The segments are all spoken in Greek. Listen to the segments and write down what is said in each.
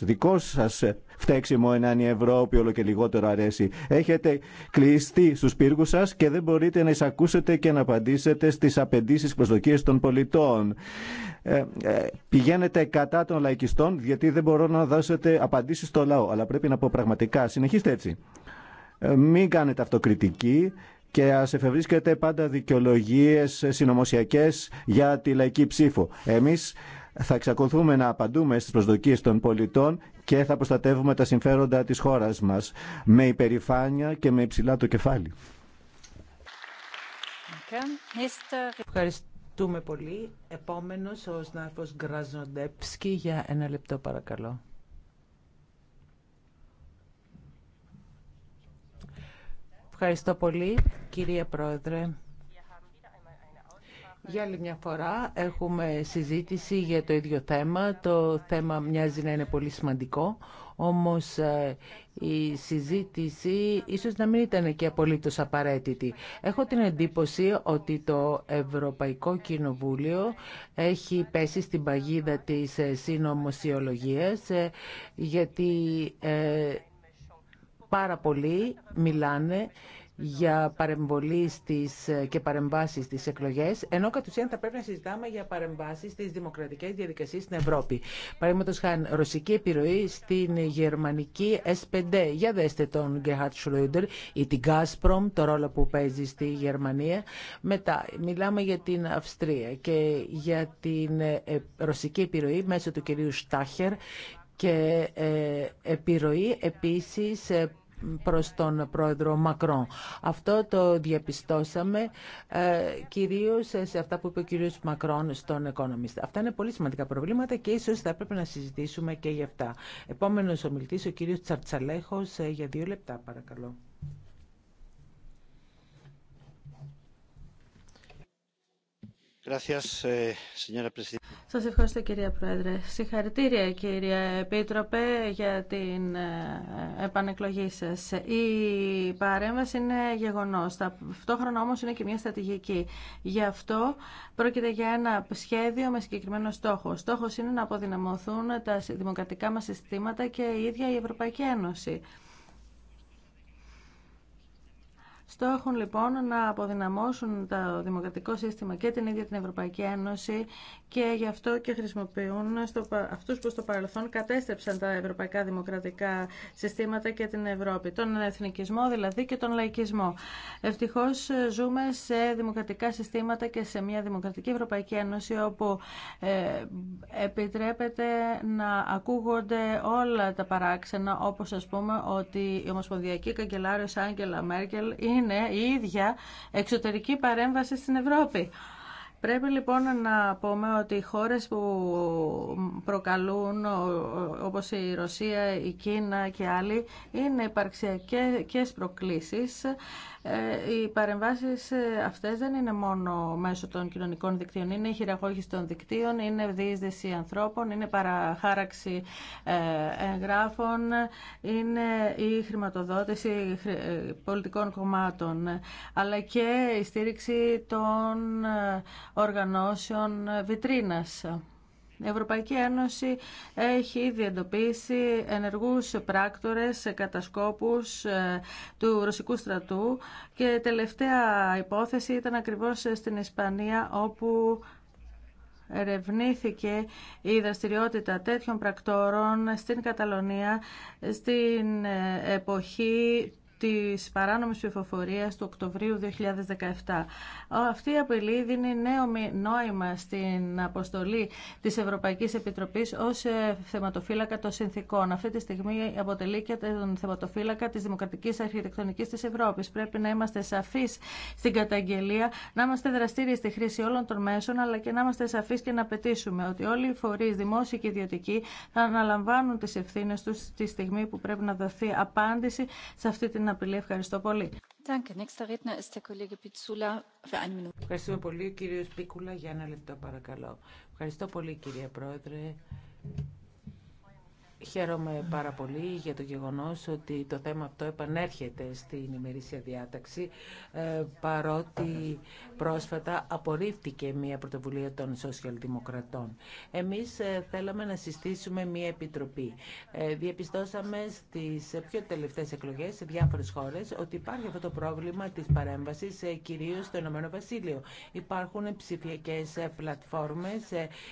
Δικό σα φταίξιμο ενάν η Ευρώπη όλο και λιγότερο αρέσει. Έχετε κλειστεί στου πύργου σα και δεν μπορείτε να εισακούσετε και να απαντήσετε στι απαιτήσει προσδοκίε των πολιτών. Ε, ε, πηγαίνετε κατά των λαϊκιστών, γιατί δεν μπορώ να δώσετε απαντήσει στο λαό. Αλλά πρέπει να πω πραγματικά, συνεχίστε έτσι. Ε, μην κάνετε αυτοκριτική και α εφευρίσκετε πάντα δικαιολογίε συνωμοσιακέ για τη λαϊκή ψήφο. Εμεί θα εξακολουθούμε να απαντούμε στις προσδοκίες των πολιτών και θα προστατεύουμε τα συμφέροντα της χώρας μας με υπερηφάνεια και με υψηλά το κεφάλι. Ευχαριστούμε πολύ. Επόμενος ο Σνάρφος Γκραζοντέψκι για ένα λεπτό παρακαλώ. Ευχαριστώ πολύ, κυρία Πρόεδρε. Για άλλη μια φορά έχουμε συζήτηση για το ίδιο θέμα. Το θέμα μοιάζει να είναι πολύ σημαντικό, όμως ε, η συζήτηση ίσως να μην ήταν και απολύτως απαραίτητη. Έχω την εντύπωση ότι το Ευρωπαϊκό Κοινοβούλιο έχει πέσει στην παγίδα της ε, συνωμοσιολογίας ε, γιατί πάρα πολλοί μιλάνε για παρεμβολή στις και παρεμβάσεις στις εκλογές, ενώ κατ' ουσίαν θα πρέπει να συζητάμε για παρεμβάσεις στις δημοκρατικές διαδικασίες στην Ευρώπη. Παραδείγματο χάν ρωσική επιρροή στην γερμανική S5. Για δέστε τον Gerhard Schröder ή την Gazprom, το ρόλο που παίζει στη Γερμανία. Μετά μιλάμε για την Αυστρία και για την ε, ρωσική επιρροή μέσω του κυρίου Στάχερ και ε, επιρροή επίσης ε, προς τον πρόεδρο Μακρόν. Αυτό το διαπιστώσαμε ε, κυρίως σε αυτά που είπε ο κύριος Μακρόν στον Economist. Αυτά είναι πολύ σημαντικά προβλήματα και ίσως θα έπρεπε να συζητήσουμε και γι' αυτά. Επόμενος ομιλητής ο κύριος Τσαρτσαλέχος ε, για δύο λεπτά παρακαλώ. Eh, σας ευχαριστώ κυρία Πρόεδρε. Συγχαρητήρια κυρία Επίτροπε για την ε, επανεκλογή σας. Η παρέμβαση είναι γεγονός. Ταυτόχρονα όμως είναι και μια στρατηγική. Γι' αυτό πρόκειται για ένα σχέδιο με συγκεκριμένο στόχο. Στόχος είναι να αποδυναμωθούν τα δημοκρατικά μας συστήματα και η ίδια η Ευρωπαϊκή Ένωση. Στόχουν λοιπόν να αποδυναμώσουν το δημοκρατικό σύστημα και την ίδια την Ευρωπαϊκή Ένωση και γι' αυτό και χρησιμοποιούν στο, αυτούς που στο παρελθόν κατέστρεψαν τα ευρωπαϊκά δημοκρατικά συστήματα και την Ευρώπη. Τον εθνικισμό δηλαδή και τον λαϊκισμό. Ευτυχώς ε, ζούμε σε δημοκρατικά συστήματα και σε μια δημοκρατική Ευρωπαϊκή Ένωση όπου ε, επιτρέπεται να ακούγονται όλα τα παράξενα όπως ας πούμε ότι η Ομοσπονδιακή Καγκελάριος Άγγελα Μέρκελ είναι η ίδια εξωτερική παρέμβαση στην Ευρώπη. Πρέπει λοιπόν να πούμε ότι οι χώρες που προκαλούν, όπως η Ρωσία, η Κίνα και άλλοι, είναι υπαρξιακές προκλήσεις ε, οι παρεμβάσεις ε, αυτές δεν είναι μόνο μέσω των κοινωνικών δικτύων, είναι η χειραγώγηση των δικτύων, είναι διείσδυση ανθρώπων, είναι παραχάραξη ε, εγγράφων, είναι η χρηματοδότηση πολιτικών κομμάτων, αλλά και η στήριξη των οργανώσεων βιτρίνας. Η Ευρωπαϊκή Ένωση έχει ήδη εντοπίσει ενεργούς πράκτορες, κατασκόπους ε, του Ρωσικού στρατού και τελευταία υπόθεση ήταν ακριβώς στην Ισπανία όπου ερευνήθηκε η δραστηριότητα τέτοιων πρακτόρων στην Καταλωνία στην ε, εποχή Τη παράνομη ψηφοφορία του Οκτωβρίου 2017. Αυτή η απειλή δίνει νέο νόημα στην αποστολή τη Ευρωπαϊκή Επιτροπή ω ε, θεματοφύλακα των συνθήκων. Αυτή τη στιγμή αποτελεί και τον θεματοφύλακα τη Δημοκρατική Αρχιτεκτονική τη Ευρώπη. Πρέπει να είμαστε σαφεί στην καταγγελία, να είμαστε δραστήριοι στη χρήση όλων των μέσων, αλλά και να είμαστε σαφεί και να απαιτήσουμε ότι όλοι οι φορεί, δημόσιοι και ιδιωτικοί, θα αναλαμβάνουν τι ευθύνε του στη στιγμή που πρέπει να δοθεί απάντηση σε αυτή την την απειλή. Ευχαριστώ πολύ. Ευχαριστούμε πολύ, κύριο Πίκουλα, για ένα λεπτό παρακαλώ. Ευχαριστώ πολύ, κύριε Πρόεδρε. Χαίρομαι πάρα πολύ για το γεγονός ότι το θέμα αυτό επανέρχεται στην ημερήσια διάταξη ε, παρότι πρόσφατα απορρίφθηκε μια πρωτοβουλία των σοσιαλδημοκρατών. Εμείς ε, θέλαμε να συστήσουμε μια επιτροπή. Ε, διαπιστώσαμε στις πιο τελευταίες εκλογές σε διάφορες χώρες ότι υπάρχει αυτό το πρόβλημα της παρέμβασης κυρίως στο Ηνωμένο Βασίλειο. Υπάρχουν ψηφιακές πλατφόρμες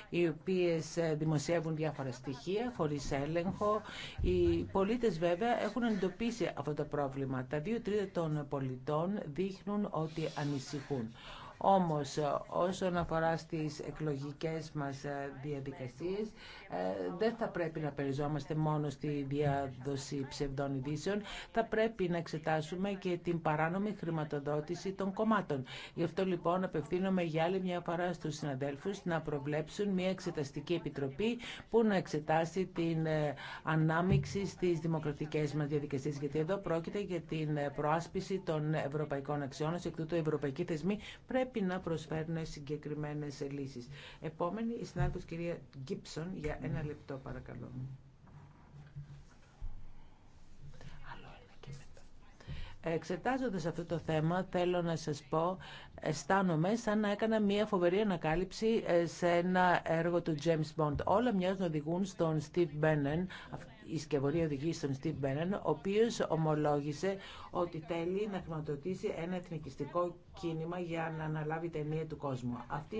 οι οποίες δημοσιεύουν διάφορα στοιχεία χωρίς έλεγχο έλεγχο. Οι πολίτε βέβαια έχουν εντοπίσει αυτό το πρόβλημα. Τα δύο τρίτα των πολιτών δείχνουν ότι ανησυχούν. Όμως όσον αφορά στις εκλογικές μας ε, διαδικασίες ε, δεν θα πρέπει να περιζόμαστε μόνο στη διάδοση ψευδών ειδήσεων. Θα πρέπει να εξετάσουμε και την παράνομη χρηματοδότηση των κομμάτων. Γι' αυτό λοιπόν απευθύνομαι για άλλη μια φορά στους συναδέλφους να προβλέψουν μια εξεταστική επιτροπή που να εξετάσει την ε, ανάμειξη στις δημοκρατικές μας διαδικασίες. Γιατί εδώ πρόκειται για την ε, προάσπιση των ευρωπαϊκών αξιών. Εκ τούτου οι ευρωπαϊκοί θεσμοί πρέπει να προσφέρουν συγκεκριμένες λύσεις. Επόμενη, η συνάδελφος κυρία Γκίψον ένα λεπτό παρακαλώ. Εξετάζοντας αυτό το θέμα, θέλω να σας πω, αισθάνομαι σαν να έκανα μια φοβερή ανακάλυψη ε, σε ένα έργο του James Bond. Όλα μοιάζουν να οδηγούν στον Steve Bannon, η σκευωρία οδηγεί στον Steve Bannon, ο οποίος ομολόγησε ότι θέλει να χρηματοδοτήσει ένα εθνικιστικό κίνημα για να αναλάβει ταινία του κόσμου. Αυτή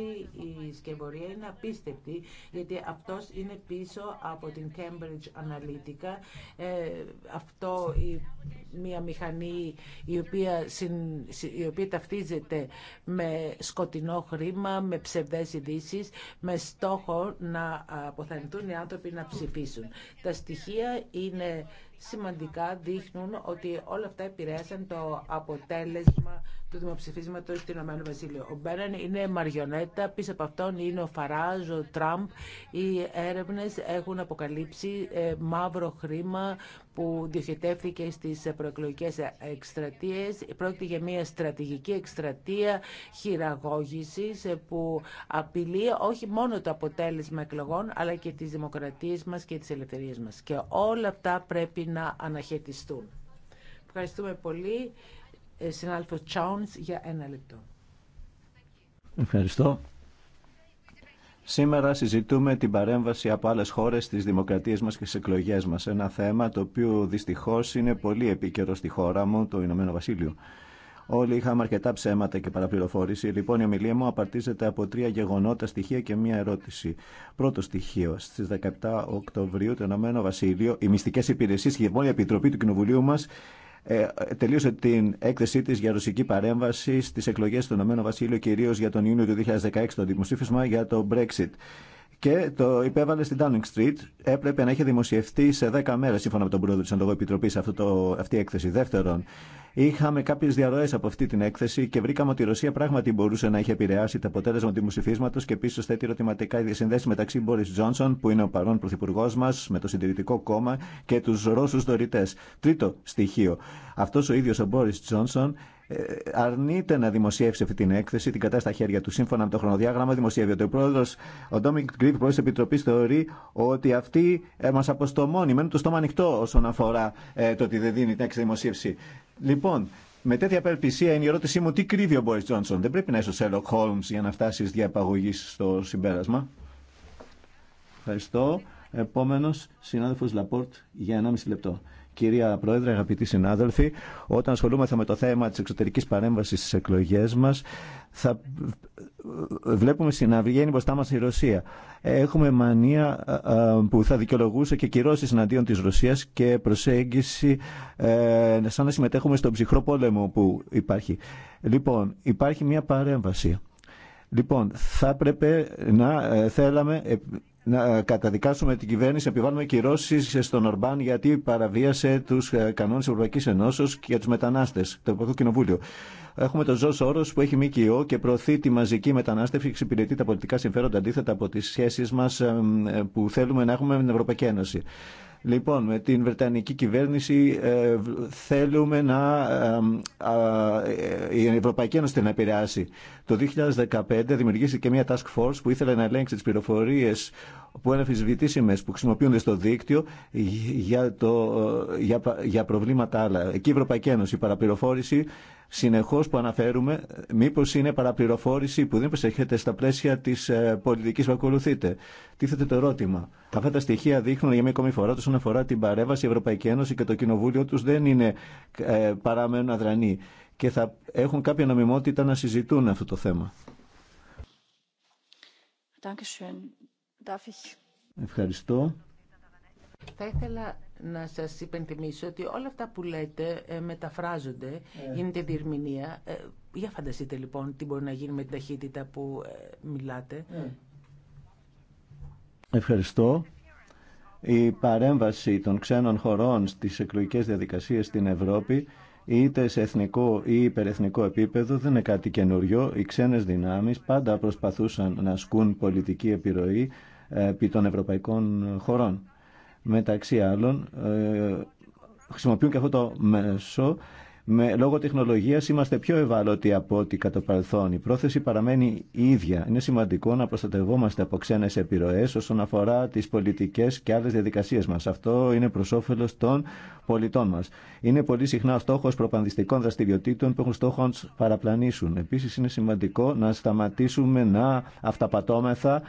η σκευωρία είναι απίστευτη γιατί αυτός είναι πίσω από την Cambridge Analytica. Ε, αυτό η, μια μηχανή η οποία, συν, η οποία ταυτίζεται με σκοτεινό χρήμα, με ψευδές ειδήσει, με στόχο να αποθανηθούν οι άνθρωποι να ψηφίσουν. Τα στοιχεία είναι σημαντικά δείχνουν ότι όλα αυτά επηρέασαν το αποτέλεσμα του δημοψηφίσματο του Ηνωμένου Βασίλειου. Ο Μπέραν είναι μαριονέτα, πίσω από αυτόν είναι ο Φαράζ, ο Τραμπ. Οι έρευνε έχουν αποκαλύψει ε, μαύρο χρήμα που διοχετεύθηκε στι προεκλογικέ εκστρατείε. Πρόκειται για μια στρατηγική εκστρατεία ε, που απειλεί όχι μόνο το αποτέλεσμα εκλογών, αλλά και τι δημοκρατίε μα και τι ελευθερίε μα. Και όλα αυτά πρέπει να αναχαιτιστούν. Ευχαριστούμε πολύ. Ε, συνάδελφος Τσάουνς για ένα λεπτό. Ευχαριστώ. Σήμερα συζητούμε την παρέμβαση από άλλες χώρες στις δημοκρατίες μας και στις εκλογές μας. Ένα θέμα το οποίο δυστυχώς είναι πολύ επίκαιρο στη χώρα μου, το Ηνωμένο Βασίλειο. Όλοι είχαμε αρκετά ψέματα και παραπληροφόρηση. Λοιπόν, η ομιλία μου απαρτίζεται από τρία γεγονότα, στοιχεία και μία ερώτηση. Πρώτο στοιχείο. Στι 17 Οκτωβρίου, το Ηνωμένο Βασίλειο, οι μυστικέ υπηρεσίε και η Επιτροπή του Κοινοβουλίου μα ε, τελείωσε την έκθεσή τη για ρωσική παρέμβαση στι εκλογέ του Ηνωμένου Βασίλειου, κυρίω για τον Ιούνιο του 2016, το δημοσίφισμα για το Brexit και το υπέβαλε στην Downing Street. Έπρεπε να έχει δημοσιευτεί σε 10 μέρε, σύμφωνα με τον πρόεδρο τη Ανατολική Επιτροπή, αυτή η έκθεση. Δεύτερον, είχαμε κάποιε διαρροέ από αυτή την έκθεση και βρήκαμε ότι η Ρωσία πράγματι μπορούσε να είχε επηρεάσει το αποτέλεσμα του δημοψηφίσματο και επίση θέτει ερωτηματικά η διασυνδέση μεταξύ Μπόρι Τζόνσον, που είναι ο παρόν πρωθυπουργό μα, με το Συντηρητικό Κόμμα και του Ρώσου δωρητέ. Τρίτο στοιχείο. Αυτό ο ίδιο ο Μπόρι Τζόνσον ε, αρνείται να δημοσιεύσει αυτή την έκθεση, την κατάσταση στα χέρια του. Σύμφωνα με το χρονοδιάγραμμα, ότι Ο πρόεδρο, ο Ντόμινγκ Γκριπ, πρόεδρο τη Επιτροπή, θεωρεί ότι αυτή ε, μα αποστομώνει. Μένει το στόμα ανοιχτό όσον αφορά ε, το ότι δεν δίνει την έκθεση δημοσίευση. Λοιπόν, με τέτοια απελπισία είναι η ερώτησή μου τι κρύβει ο Μπόρι Τζόνσον. Δεν πρέπει να είσαι ο Σέρλοκ Χόλμ για να φτάσει διαπαγωγή στο συμπέρασμα. Ευχαριστώ. Επόμενο, συνάδελφο Λαπόρτ, για 1,5 λεπτό. Κυρία Πρόεδρε, αγαπητοί συνάδελφοι, όταν ασχολούμαστε με το θέμα της εξωτερικής παρέμβασης στις εκλογές μας, θα βλέπουμε στην αυγή μπροστά μας η Ρωσία. Έχουμε μανία που θα δικαιολογούσε και κυρώσεις εναντίον της Ρωσίας και προσέγγιση ε, σαν να συμμετέχουμε στον ψυχρό πόλεμο που υπάρχει. Λοιπόν, υπάρχει μια παρέμβαση. Λοιπόν, θα έπρεπε να ε, θέλαμε ε, να ε, καταδικάσουμε την κυβέρνηση, επιβάλλουμε κυρώσει στον Ορμπάν γιατί παραβίασε του ε, κανόνε τη Ευρωπαϊκή Ενώσεω και για του μετανάστε, το Ευρωπαϊκό Κοινοβούλιο. Έχουμε τον Ζω Όρο που έχει ΜΚΟ και προωθεί τη μαζική μετανάστευση και εξυπηρετεί τα πολιτικά συμφέροντα αντίθετα από τι σχέσει μα ε, που θέλουμε να έχουμε με την Ευρωπαϊκή Ένωση. Λοιπόν, με την Βρετανική κυβέρνηση ε, θέλουμε να, ε, ε, η Ευρωπαϊκή Ένωση να επηρεάσει. Το 2015 δημιουργήθηκε και μια task force που ήθελε να ελέγξει τις πληροφορίες που είναι αφισβητήσιμες, που χρησιμοποιούνται στο δίκτυο για, το, για, για προβλήματα άλλα. Εκεί η Ευρωπαϊκή Ένωση, η παραπληροφόρηση συνεχώς που αναφέρουμε, μήπως είναι παραπληροφόρηση που δεν προσέχεται στα πλαίσια της ε, πολιτικής που ακολουθείτε. Τίθεται το ερώτημα. Αυτά τα στοιχεία δείχνουν για μία ακόμη φορά αφορά την παρέμβαση, η Ευρωπαϊκή Ένωση και το Κοινοβούλιο τους δεν είναι ε, παράμενο αδρανοί και θα έχουν κάποια νομιμότητα να συζητούν αυτό το θέμα. Ευχαριστώ. Θα ήθελα να σας υπενθυμίσω ότι όλα αυτά που λέτε ε, μεταφράζονται, ε. γίνεται διερμηνία. Ε, για φανταστείτε λοιπόν τι μπορεί να γίνει με την ταχύτητα που μιλάτε. Ευχαριστώ η παρέμβαση των ξένων χωρών στις εκλογικές διαδικασίες στην Ευρώπη είτε σε εθνικό ή υπερεθνικό επίπεδο δεν είναι κάτι καινούριο. Οι ξένες δυνάμεις πάντα προσπαθούσαν να ασκούν πολιτική επιρροή ε, επί των ευρωπαϊκών χωρών. Μεταξύ άλλων ε, χρησιμοποιούν και αυτό το μέσο με, λόγω τεχνολογίας είμαστε πιο ευάλωτοι από ό,τι κατά παρελθόν. Η πρόθεση παραμένει η ίδια. Είναι σημαντικό να προστατευόμαστε από ξένε επιρροές όσον αφορά τι πολιτικές και άλλε διαδικασίε μας. Αυτό είναι προ όφελο των πολιτών μας. Είναι πολύ συχνά στόχο προπανδιστικών δραστηριοτήτων που έχουν στόχο να του παραπλανήσουν. Επίσης είναι σημαντικό να σταματήσουμε να αυταπατώμεθα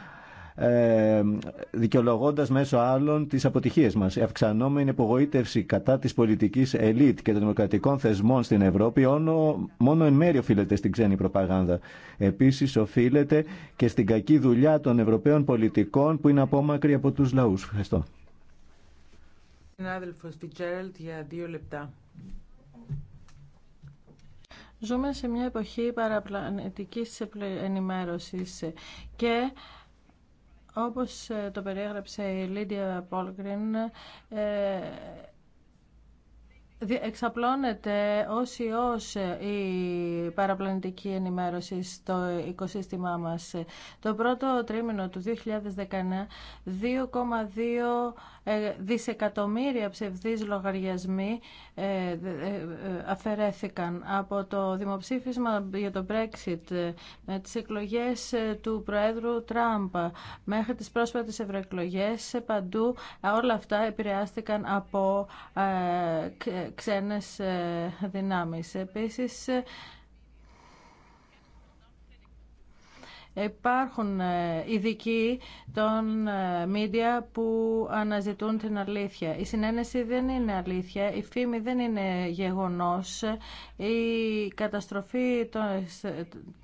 ε, δικαιολογώντας μέσω άλλων τις αποτυχίες μας. Η αυξανόμενη απογοήτευση κατά της πολιτικής ελίτ και των δημοκρατικών θεσμών στην Ευρώπη όνο, μόνο εν μέρει οφείλεται στην ξένη προπαγάνδα. Επίσης οφείλεται και στην κακή δουλειά των Ευρωπαίων πολιτικών που είναι απόμακροι από τους λαούς. Ευχαριστώ. Ζούμε σε μια εποχή παραπλανητικής ενημέρωσης και όπως ε, το περιέγραψε η Λίδια Πόλγκριν, ε, Εξαπλώνεται ως ιός ε, η παραπλανητική ενημέρωση στο οικοσύστημά μας. Το πρώτο τρίμηνο του 2019, 2,2 ε, δισεκατομμύρια ψευδείς λογαριασμοί ε, ε, αφαιρέθηκαν από το δημοψήφισμα για το Brexit με τις εκλογές του Προέδρου Τραμπ μέχρι τις πρόσφατες σε παντού όλα αυτά επηρεάστηκαν από ξένες δυνάμεις. Επίσης Υπάρχουν ε, ειδικοί των μίντια ε, που αναζητούν την αλήθεια. Η συνένεση δεν είναι αλήθεια, η φήμη δεν είναι γεγονός, η καταστροφή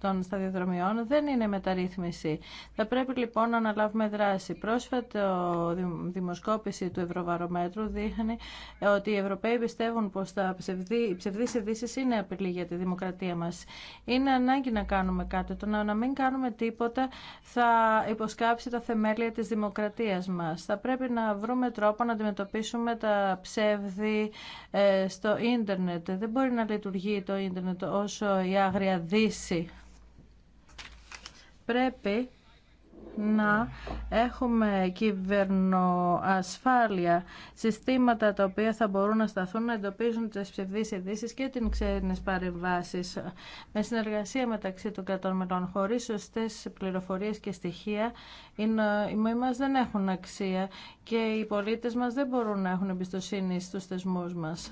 των σταδιοδρομιών δεν είναι μεταρρύθμιση. Θα πρέπει λοιπόν να αναλάβουμε δράση. Πρόσφατα δημοσκόπηση του Ευρωβαρομέτρου δείχνει ότι οι Ευρωπαίοι πιστεύουν πως τα ψευδή, οι ψευδείς ειδήσει είναι απειλή για τη δημοκρατία μας. Είναι ανάγκη να κάνουμε κάτι. Το να μην κάνουμε τίποτα θα υποσκάψει τα θεμέλια της δημοκρατίας μας. Θα πρέπει να βρούμε τρόπο να αντιμετωπίσουμε τα ψεύδη ε, στο ίντερνετ. Δεν μπορεί να λειτουργεί το ίντερνετ όσο η άγρια δύση. Πρέπει να έχουμε κυβερνοασφάλεια, συστήματα τα οποία θα μπορούν να σταθούν να εντοπίζουν τις ψευδείς ειδήσει και την ξένες παρεμβάσεις. Με συνεργασία μεταξύ των κρατών μελών, χωρίς σωστές πληροφορίες και στοιχεία, οι μοί μας δεν έχουν αξία και οι πολίτες μας δεν μπορούν να έχουν εμπιστοσύνη στους θεσμούς μας.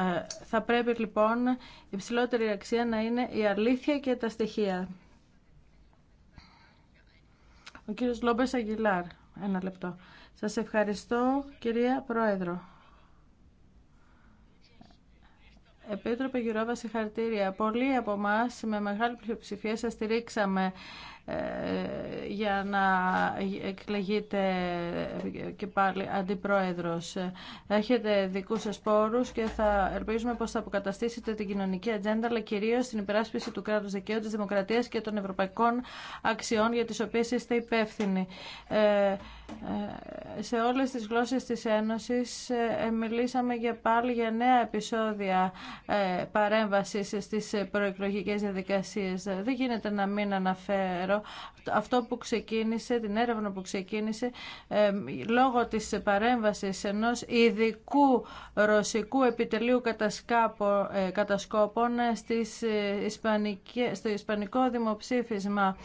Ε, θα πρέπει λοιπόν η ψηλότερη αξία να είναι η αλήθεια και τα στοιχεία. Ο κύριος Λόμπες Αγγιλάρ, ένα λεπτό. Σας ευχαριστώ κυρία Πρόεδρο. Επίτροπε Γιουρόβα, συγχαρητήρια. Πολλοί από εμά με μεγάλη πλειοψηφία σα στηρίξαμε ε, για να εκλεγείτε και πάλι αντιπρόεδρος. Έχετε δικούς σας πόρους και θα ελπίζουμε πως θα αποκαταστήσετε την κοινωνική ατζέντα αλλά κυρίως την υπεράσπιση του κράτους δικαίου, της δημοκρατίας και των ευρωπαϊκών αξιών για τις οποίες είστε υπεύθυνοι. Ε, ε, σε όλες τις γλώσσες της Ένωσης μιλήσαμε για πάλι για νέα επεισόδια παρέμβασης στις προεκλογικές διαδικασίες. Δεν γίνεται να μην αναφέρω αυτό που ξεκίνησε, την έρευνα που ξεκίνησε λόγω της παρέμβασης ενός ειδικού ρωσικού επιτελείου ε, κατασκόπων ε, στις ε, στο ισπανικό δημοψήφισμα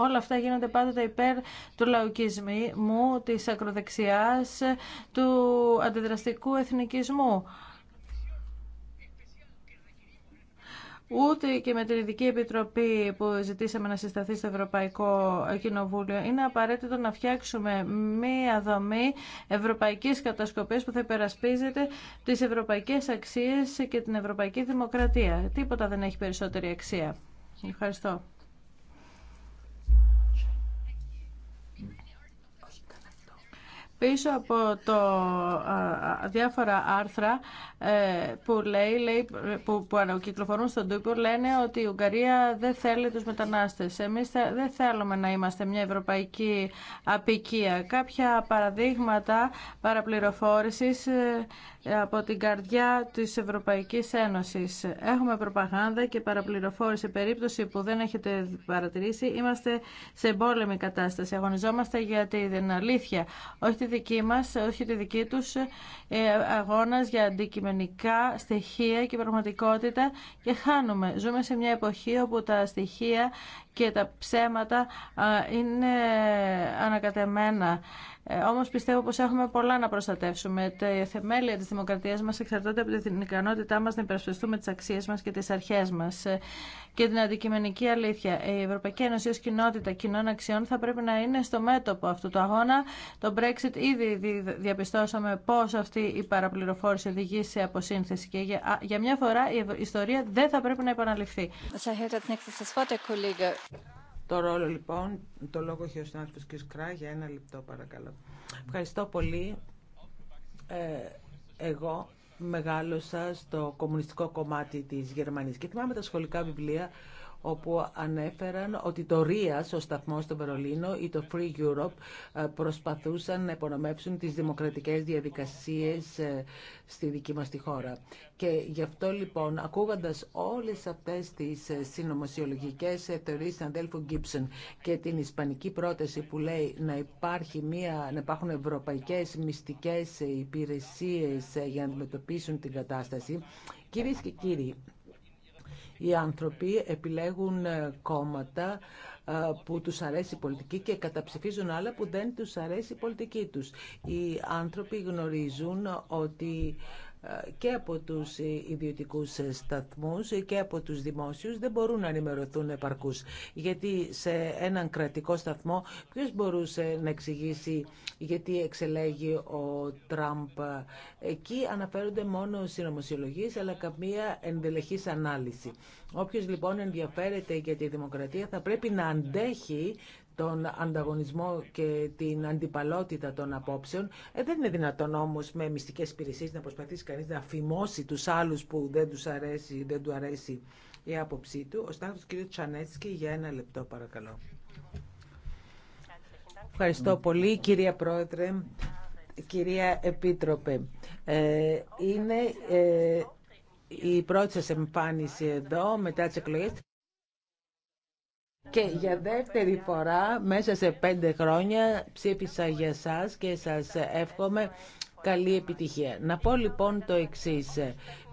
Όλα αυτά γίνονται πάντοτε υπέρ του λαοκισμού, της ακροδεξιάς, του αντιδραστικού εθνικισμού. ούτε και με την Ειδική Επιτροπή που ζητήσαμε να συσταθεί στο Ευρωπαϊκό Κοινοβούλιο. Είναι απαραίτητο να φτιάξουμε μία δομή ευρωπαϊκής κατασκοπής που θα υπερασπίζεται τις ευρωπαϊκές αξίες και την ευρωπαϊκή δημοκρατία. Τίποτα δεν έχει περισσότερη αξία. Ευχαριστώ. Πίσω από το διάφορα άρθρα ε, που, λέει, λέει, που, που κυκλοφορούν στον τύπο λένε ότι η Ουγγαρία δεν θέλει τους μετανάστες. Εμείς δεν θέλουμε να είμαστε μια ευρωπαϊκή απικία. Κάποια παραδείγματα παραπληροφόρησης ε, από την καρδιά της Ευρωπαϊκής Ένωσης. Έχουμε προπαγάνδα και παραπληροφόρηση. Περίπτωση που δεν έχετε παρατηρήσει, είμαστε σε εμπόλεμη κατάσταση. Αγωνιζόμαστε για την αλήθεια. Όχι τη δική μας, όχι τη δική τους ε, αγώνας για αντικειμενικά στοιχεία και πραγματικότητα και χάνουμε. Ζούμε σε μια εποχή όπου τα στοιχεία και τα ψέματα είναι ανακατεμένα. Ε, όμως πιστεύω πως έχουμε πολλά να προστατεύσουμε. Τα θεμέλια της δημοκρατίας μας εξαρτώνται από την ικανότητά μας να υπερασπιστούμε τις αξίες μας και τις αρχές μας ε, και την αντικειμενική αλήθεια. Η Ευρωπαϊκή Ένωση ως κοινότητα κοινών αξιών θα πρέπει να είναι στο μέτωπο αυτού του αγώνα. Το Brexit ήδη διαπιστώσαμε πώς αυτή η παραπληροφόρηση οδηγεί σε αποσύνθεση και για μια φορά η ιστορία δεν θα πρέπει να επαναληφθεί. Το ρόλο λοιπόν, το λόγο έχει ο συνάδελφος κ. Κρά για ένα λεπτό παρακαλώ. Ευχαριστώ πολύ. Ε, εγώ μεγάλωσα στο κομμουνιστικό κομμάτι της Γερμανίας και θυμάμαι τα σχολικά βιβλία όπου ανέφεραν ότι το ΡΙΑΣ, ο σταθμός στο Βερολίνο ή το Free Europe ε, προσπαθούσαν να υπονομεύσουν τις δημοκρατικές διαδικασίες ε, στη δική μας τη χώρα. Και γι' αυτό λοιπόν, ακούγοντας όλες αυτές τις ε, συνωμοσιολογικές θεωρίες του αδέλφου Γκίψον και την ισπανική πρόταση που λέει να, υπάρχει μια, να υπάρχουν ευρωπαϊκές μυστικές υπηρεσίες για να αντιμετωπίσουν την κατάσταση, κυρίες και κύριοι, οι άνθρωποι επιλέγουν ε, κόμματα ε, που τους αρέσει η πολιτική και καταψηφίζουν άλλα που δεν τους αρέσει η πολιτική τους. Οι άνθρωποι γνωρίζουν ότι και από τους ιδιωτικούς σταθμούς και από τους δημόσιους δεν μπορούν να ενημερωθούν επαρκούς. Γιατί σε έναν κρατικό σταθμό ποιος μπορούσε να εξηγήσει γιατί εξελέγει ο Τραμπ. Εκεί αναφέρονται μόνο συνωμοσιολογίες αλλά καμία ενδελεχής ανάλυση. Όποιος λοιπόν ενδιαφέρεται για τη δημοκρατία θα πρέπει να αντέχει τον ανταγωνισμό και την αντιπαλότητα των απόψεων. Ε, δεν είναι δυνατόν όμως με μυστικές υπηρεσίε, να προσπαθήσει κανείς να φημώσει τους άλλου που δεν, τους αρέσει, δεν του αρέσει η άποψή του. Ο στάδιος κ. Τσανέτσκι για ένα λεπτό παρακαλώ. Ευχαριστώ πολύ κυρία Πρόεδρε, κυρία Επίτροπε. Ε, είναι ε, η πρώτη σας εμφάνιση εδώ μετά τις εκλογές. Και για δεύτερη φορά μέσα σε πέντε χρόνια ψήφισα για σας και σας εύχομαι καλή επιτυχία. Να πω λοιπόν το εξής.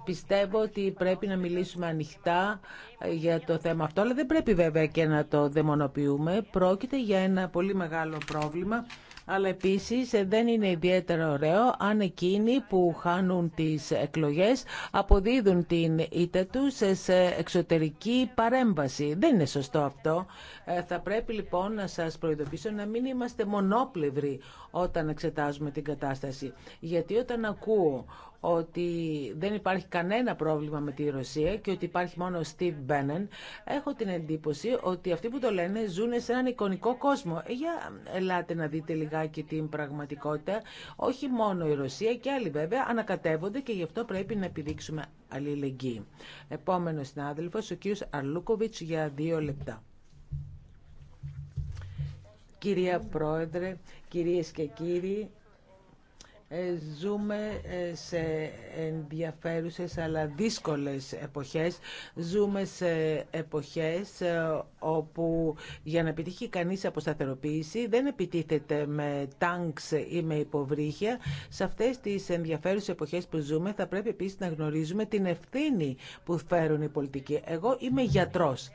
Πιστεύω ότι πρέπει να μιλήσουμε ανοιχτά ε, για το θέμα αυτό, αλλά δεν πρέπει βέβαια και να το δαιμονοποιούμε. Πρόκειται για ένα πολύ μεγάλο πρόβλημα αλλά επίσης ε, δεν είναι ιδιαίτερα ωραίο αν εκείνοι που χάνουν τις εκλογές αποδίδουν την ήττα τους ε, σε εξωτερική παρέμβαση. Δεν είναι σωστό αυτό. Ε, θα πρέπει λοιπόν να σας προειδοποιήσω να μην είμαστε μονόπλευροι όταν εξετάζουμε την κατάσταση. Γιατί όταν ακούω ότι δεν υπάρχει κανένα πρόβλημα με τη Ρωσία και ότι υπάρχει μόνο ο Στίβ Bannon, έχω την εντύπωση ότι αυτοί που το λένε ζουν σε έναν εικονικό κόσμο. Ε, για ελάτε να δείτε λιγάκι την πραγματικότητα. Όχι μόνο η Ρωσία και άλλοι βέβαια ανακατεύονται και γι' αυτό πρέπει να επιδείξουμε αλληλεγγύη. Επόμενο συνάδελφο, ο κ. Αρλούκοβιτ για δύο λεπτά. Κυρία Πρόεδρε, κυρίες και κύριοι, ε, ζούμε ε, σε ενδιαφέρουσες αλλά δύσκολες εποχές. Ζούμε σε εποχές ε, όπου για να επιτύχει κανείς αποσταθεροποίηση δεν επιτίθεται με τάγκ ή με υποβρύχια. Σε αυτές τις ενδιαφέρουσες εποχές που ζούμε θα πρέπει επίσης να γνωρίζουμε την ευθύνη που φέρουν οι πολιτικοί. Εγώ είμαι γιατρός.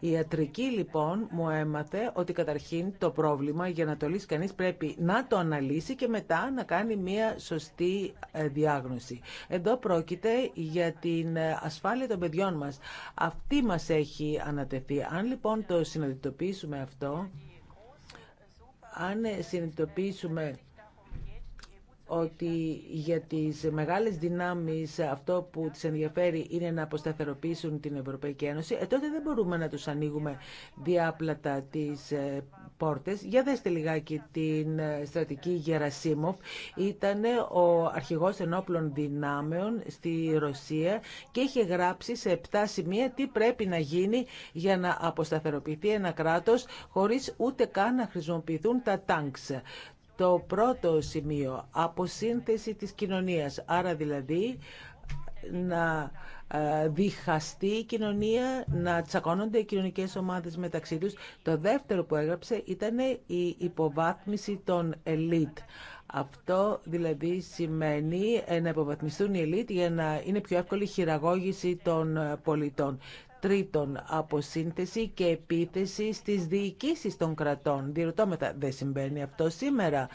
Η ιατρική λοιπόν μου έμαθε ότι καταρχήν το πρόβλημα για να το λύσει κανείς πρέπει να το αναλύσει και μετά να κάνει μια σωστή ε, διάγνωση. Εδώ πρόκειται για την ε, ασφάλεια των παιδιών μας. Αυτή μας έχει ανατεθεί. Αν λοιπόν το συνειδητοποιήσουμε αυτό, αν συνειδητοποιήσουμε ότι για τις μεγάλες δυνάμεις αυτό που τις ενδιαφέρει είναι να αποσταθεροποιήσουν την Ευρωπαϊκή Ένωση, ε, τότε δεν μπορούμε να τους ανοίγουμε διάπλατα τις ε, πόρτες. Για δέστε λιγάκι την ε, στρατική Γερασίμοφ. Ήταν ο αρχηγός ενόπλων δυνάμεων στη Ρωσία και είχε γράψει σε 7 σημεία τι πρέπει να γίνει για να αποσταθεροποιηθεί ένα κράτος χωρίς ούτε καν να χρησιμοποιηθούν τα τάγκς το πρώτο σημείο, αποσύνθεση της κοινωνίας. Άρα δηλαδή να ε, διχαστεί η κοινωνία, να τσακώνονται οι κοινωνικές ομάδες μεταξύ τους. Το δεύτερο που έγραψε ήταν η υποβάθμιση των ελίτ. Αυτό δηλαδή σημαίνει ε, να υποβαθμιστούν οι ελίτ για να είναι πιο εύκολη η χειραγώγηση των ε, πολιτών. Τρίτον, αποσύνθεση και επίθεση στις διοικήσεις των κρατών. Διερωτώ μετά, δεν συμβαίνει αυτό σήμερα.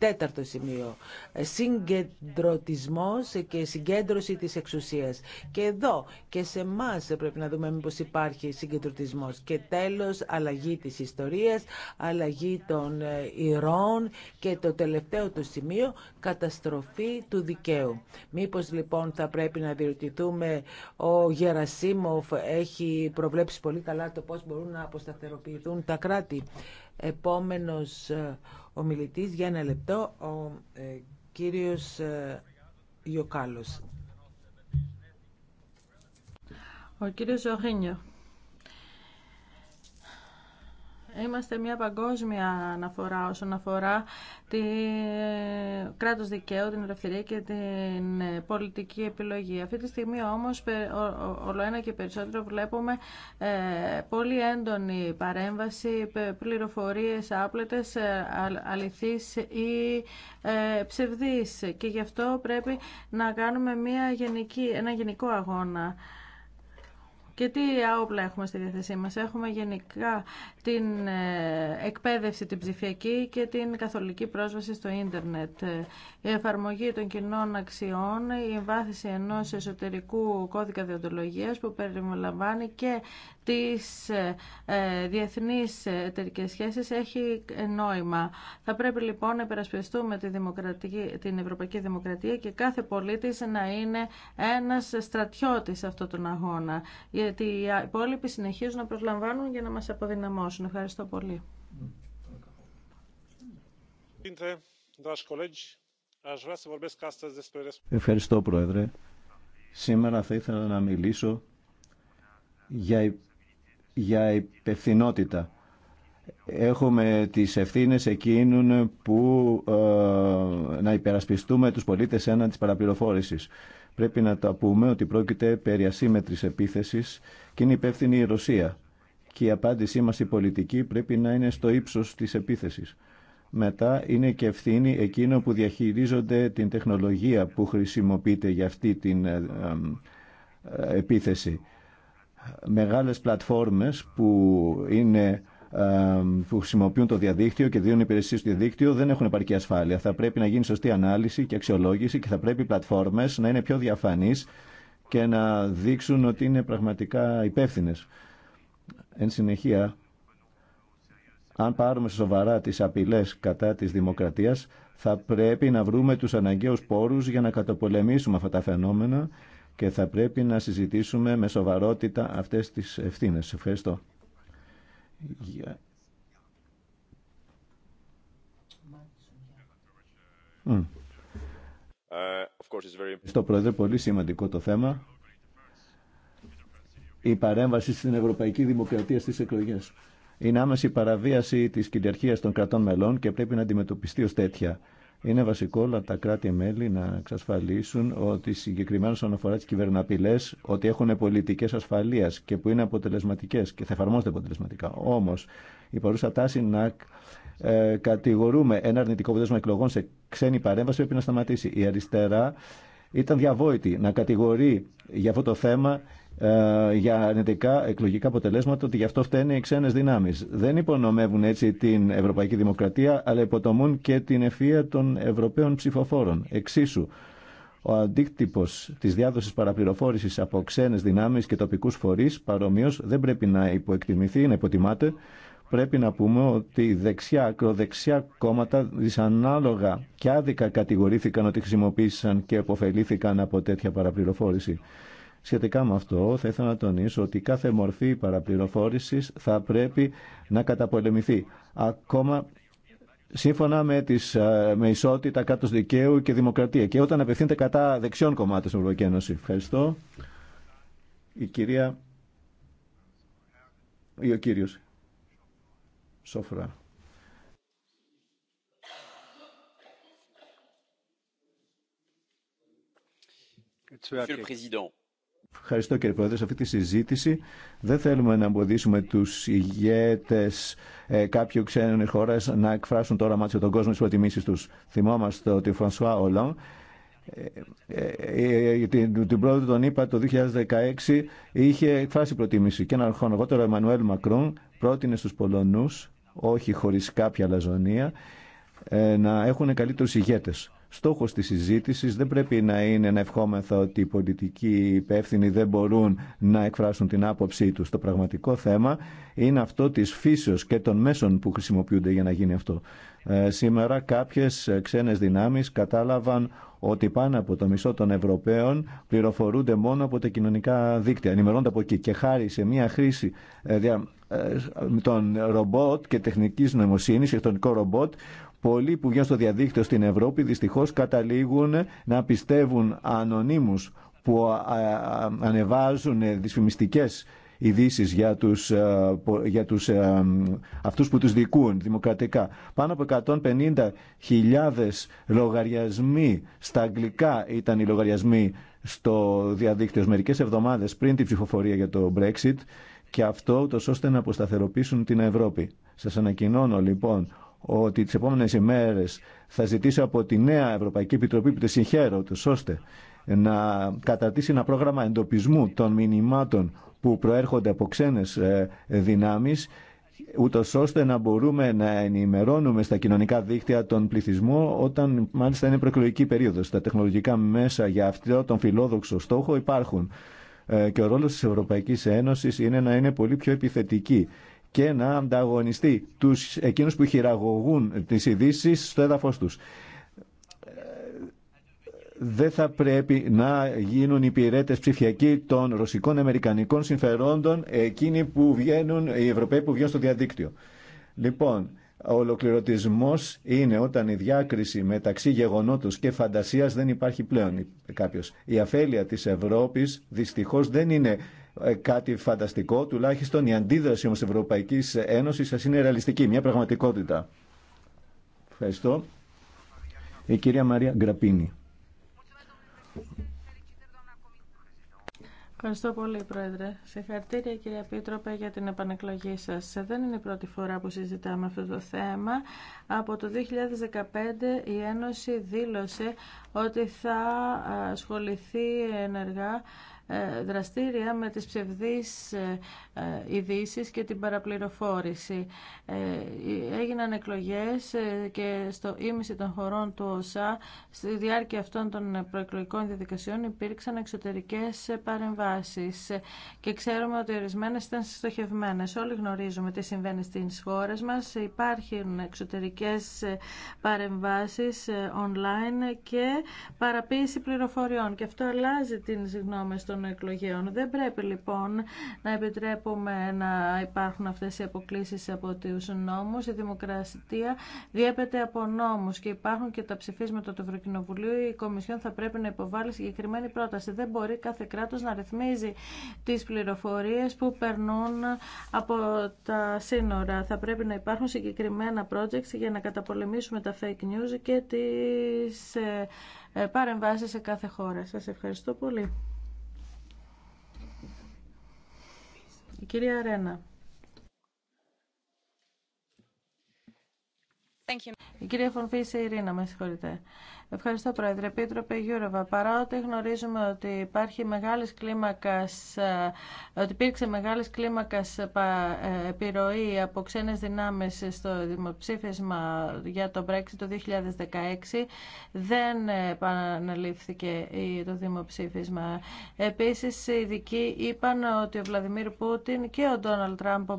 Τέταρτο σημείο, συγκεντρωτισμός και συγκέντρωση της εξουσίας. Και εδώ και σε εμά πρέπει να δούμε μήπως υπάρχει συγκεντρωτισμός. Και τέλος, αλλαγή της ιστορίας, αλλαγή των ε, ηρών και το τελευταίο το σημείο, καταστροφή του δικαίου. Μήπως λοιπόν θα πρέπει να διερωτηθούμε, ο Γερασίμοφ έχει προβλέψει πολύ καλά το πώς μπορούν να αποσταθεροποιηθούν τα κράτη. Επόμενος ε, ομιλητής. Για ένα λεπτό, ο ε, κύριος ε, Ο κύριος Ζωγίνιο. Είμαστε μια παγκόσμια αναφορά όσον αφορά την κράτος δικαίου, την ελευθερία και την ε, πολιτική επιλογή. Αυτή τη στιγμή όμως όλο ένα και περισσότερο βλέπουμε ε, πολύ έντονη παρέμβαση, πληροφορίες άπλετες, ε, αληθείς ή ψευδείς και γι' αυτό πρέπει να κάνουμε μια γενική, ένα γενικό αγώνα. Και τι άοπλα έχουμε στη διάθεσή μας. Έχουμε γενικά την ε, εκπαίδευση την ψηφιακή και την καθολική πρόσβαση στο ίντερνετ. Η εφαρμογή των κοινών αξιών, η εμβάθυνση ενός εσωτερικού κώδικα διοντολογίας που περιλαμβάνει και τις ε, ε, διεθνείς εταιρικέ σχέσεις έχει νόημα. Θα πρέπει λοιπόν να υπερασπιστούμε τη την Ευρωπαϊκή Δημοκρατία και κάθε πολίτης να είναι ένας στρατιώτης αυτόν τον αγώνα, γιατί οι υπόλοιποι συνεχίζουν να προσλαμβάνουν για να μας αποδυναμώσουν. Ευχαριστώ πολύ. Ευχαριστώ, Πρόεδρε. Σήμερα θα ήθελα να μιλήσω για, για υπευθυνότητα. Έχουμε τις ευθύνες εκείνων που ε, να υπερασπιστούμε τους πολίτες έναν της παραπληροφόρησης. Πρέπει να τα πούμε ότι πρόκειται περί ασύμετρης επίθεσης και είναι υπεύθυνη η Ρωσία και η απάντησή μας η πολιτική πρέπει να είναι στο ύψος της επίθεσης. Μετά είναι και ευθύνη εκείνο που διαχειρίζονται την τεχνολογία που χρησιμοποιείται για αυτή την ε, ε, επίθεση. Μεγάλες πλατφόρμες που, είναι, που χρησιμοποιούν το διαδίκτυο και δίνουν υπηρεσίες στο διαδίκτυο δεν έχουν επαρκή ασφάλεια. Θα πρέπει να γίνει σωστή ανάλυση και αξιολόγηση και θα πρέπει οι πλατφόρμες να είναι πιο διαφανείς και να δείξουν ότι είναι πραγματικά υπεύθυνες. Εν συνεχεία, αν πάρουμε σοβαρά τις απειλές κατά της δημοκρατίας, θα πρέπει να βρούμε τους αναγκαίους πόρους για να καταπολεμήσουμε αυτά τα φαινόμενα και θα πρέπει να συζητήσουμε με σοβαρότητα αυτές τις ευθύνες. Ευχαριστώ. Mm. Mm. Uh, Στο Πρόεδρε, πολύ σημαντικό το θέμα η παρέμβαση στην ευρωπαϊκή δημοκρατία στις εκλογές. Είναι άμεση παραβίαση της κυριαρχίας των κρατών μελών και πρέπει να αντιμετωπιστεί ως τέτοια. Είναι βασικό όλα τα κράτη-μέλη να εξασφαλίσουν ότι συγκεκριμένα όσον αφορά τι κυβερναπηλέ ότι έχουν πολιτικέ ασφαλεία και που είναι αποτελεσματικέ και θα εφαρμόζονται αποτελεσματικά. Όμω, η παρούσα τάση να ε, κατηγορούμε ένα αρνητικό αποτέλεσμα εκλογών σε ξένη παρέμβαση πρέπει να σταματήσει. Η αριστερά ήταν διαβόητη να κατηγορεί για αυτό το θέμα ε, για αρνητικά εκλογικά αποτελέσματα ότι γι' αυτό φταίνουν οι ξένε δυνάμει. Δεν υπονομεύουν έτσι την Ευρωπαϊκή Δημοκρατία αλλά υποτομούν και την ευφία των Ευρωπαίων ψηφοφόρων. Εξίσου, ο αντίκτυπο τη διάδοση παραπληροφόρηση από ξένε δυνάμει και τοπικού φορεί, παρομοίω δεν πρέπει να υποεκτιμηθεί, να υποτιμάται. Πρέπει να πούμε ότι δεξιά, ακροδεξιά κόμματα δυσανάλογα και άδικα κατηγορήθηκαν ότι χρησιμοποίησαν και επωφελήθηκαν από τέτοια παραπληροφόρηση. Σχετικά με αυτό, θα ήθελα να τονίσω ότι κάθε μορφή παραπληροφόρησης θα πρέπει να καταπολεμηθεί. Ακόμα σύμφωνα με, τις, ε, με ισότητα κάτω δικαίου και δημοκρατία και όταν απευθύνεται κατά δεξιών κομμάτων στην Ευρωπαϊκή Ένωση. Ευχαριστώ. Η κυρία ή ο κύριος Σόφρα. Monsieur Président, Ευχαριστώ κύριε Πρόεδρε. Σε αυτή τη συζήτηση δεν θέλουμε να εμποδίσουμε του ηγέτε κάποιου ξένου χώρα να εκφράσουν το όραμά του για τον κόσμο τι προτιμήσει του. Θυμόμαστε ότι ο Φρανσουά Ολόν ε, ε, ε, την, την πρόεδρο τον είπα το 2016 είχε εκφράσει προτίμηση και ένα χρόνο τώρα, ο Εμμανουέλ Μακρόν πρότεινε στους Πολωνούς όχι χωρίς κάποια λαζονία να έχουν καλύτερους ηγέτες Στόχο τη συζήτηση δεν πρέπει να είναι να ευχόμεθα ότι οι πολιτικοί υπεύθυνοι δεν μπορούν να εκφράσουν την άποψή τους. Το πραγματικό θέμα είναι αυτό τη φύσεω και των μέσων που χρησιμοποιούνται για να γίνει αυτό. Ε, σήμερα κάποιες ξένες δυνάμεις κατάλαβαν ότι πάνω από το μισό των Ευρωπαίων πληροφορούνται μόνο από τα κοινωνικά δίκτυα. Ενημερώνονται από εκεί και χάρη σε μια χρήση ε, ε, των ρομπότ και τεχνικής νοημοσύνης, ηλεκτρονικό ρομπότ, Πολλοί που βγαίνουν στο διαδίκτυο στην Ευρώπη δυστυχώς καταλήγουν να πιστεύουν ανωνύμους που ανεβάζουν δυσφημιστικές ειδήσει για τους, ε, για τους, ε, αυτούς που τους δικούν δημοκρατικά. Πάνω από 150.000 λογαριασμοί στα αγγλικά ήταν οι λογαριασμοί στο διαδίκτυο μερικές εβδομάδες πριν την ψηφοφορία για το Brexit και αυτό ούτως ώστε να αποσταθεροποιήσουν την Ευρώπη. Σας ανακοινώνω λοιπόν ότι τις επόμενες ημέρες θα ζητήσω από τη νέα Ευρωπαϊκή Επιτροπή που τη συγχαίρω, ώστε να καταρτήσει ένα πρόγραμμα εντοπισμού των μηνυμάτων που προέρχονται από ξένες ε, δυνάμεις ούτω ώστε να μπορούμε να ενημερώνουμε στα κοινωνικά δίκτυα τον πληθυσμό όταν μάλιστα είναι προεκλογική περίοδος. Τα τεχνολογικά μέσα για αυτό τον φιλόδοξο στόχο υπάρχουν ε, και ο ρόλος της Ευρωπαϊκής Ένωσης είναι να είναι πολύ πιο επιθετική και να ανταγωνιστεί τους, εκείνους που χειραγωγούν τις ειδήσει στο έδαφος τους. Δεν θα πρέπει να γίνουν υπηρέτε ψηφιακοί των ρωσικών αμερικανικών συμφερόντων εκείνοι που βγαίνουν, οι Ευρωπαίοι που βγαίνουν στο διαδίκτυο. Λοιπόν, ο ολοκληρωτισμός είναι όταν η διάκριση μεταξύ γεγονότος και φαντασίας δεν υπάρχει πλέον κάποιος. Η αφέλεια της Ευρώπης δυστυχώς δεν είναι ε, κάτι φανταστικό, τουλάχιστον η αντίδραση όμως της Ευρωπαϊκής Ένωσης σας είναι ρεαλιστική, μια πραγματικότητα. Ευχαριστώ. Η κυρία Μαρία Γκραπίνη. Ευχαριστώ πολύ, Πρόεδρε. Συγχαρητήρια, κύριε Επίτροπε, για την επανεκλογή σα. Δεν είναι η πρώτη φορά που συζητάμε αυτό το θέμα. Από το 2015 η Ένωση δήλωσε ότι θα ε, ασχοληθεί ενεργά ε, δραστήρια με τις ψευδείς ε, ε, ειδήσει και την παραπληροφόρηση. Έγιναν εκλογές και στο ίμιση των χωρών του ΟΣΑ στη διάρκεια αυτών των προεκλογικών διαδικασιών υπήρξαν εξωτερικές παρεμβάσεις και ξέρουμε ότι ορισμένε ήταν στοχευμένες. Όλοι γνωρίζουμε τι συμβαίνει στις χώρες μας. Υπάρχουν εξωτερικές παρεμβάσεις online και παραποίηση πληροφοριών και αυτό αλλάζει τις γνώμες των των εκλογέων. Δεν πρέπει λοιπόν να επιτρέπουμε να υπάρχουν αυτές οι αποκλήσεις από τους νόμους. Η δημοκρατία διέπεται από νόμους και υπάρχουν και τα ψηφίσματα του Ευρωκοινοβουλίου. Η Κομισιόν θα πρέπει να υποβάλει συγκεκριμένη πρόταση. Δεν μπορεί κάθε κράτος να ρυθμίζει τις πληροφορίες που περνούν από τα σύνορα. Θα πρέπει να υπάρχουν συγκεκριμένα projects για να καταπολεμήσουμε τα fake news και τις ε, ε, παρεμβάσεις σε κάθε χώρα. Σας ευχαριστώ πολύ. Η κυρία Ρένα. Thank you. Η κυρία Φωνφίση Ειρήνα, με συγχωρείτε. Ευχαριστώ, Πρόεδρε. Επίτροπε Γιούρεβα, παρά ότι γνωρίζουμε ότι υπάρχει μεγάλης κλίμακας, ε, ότι υπήρξε μεγάλης κλίμακας ε, επιρροή από ξένες δυνάμεις στο δημοψήφισμα για το Brexit το 2016, δεν επαναλήφθηκε το δημοψήφισμα. Επίσης, οι ειδικοί είπαν ότι ο Βλαδιμίρ Πούτιν και ο Ντόναλτ Τραμπ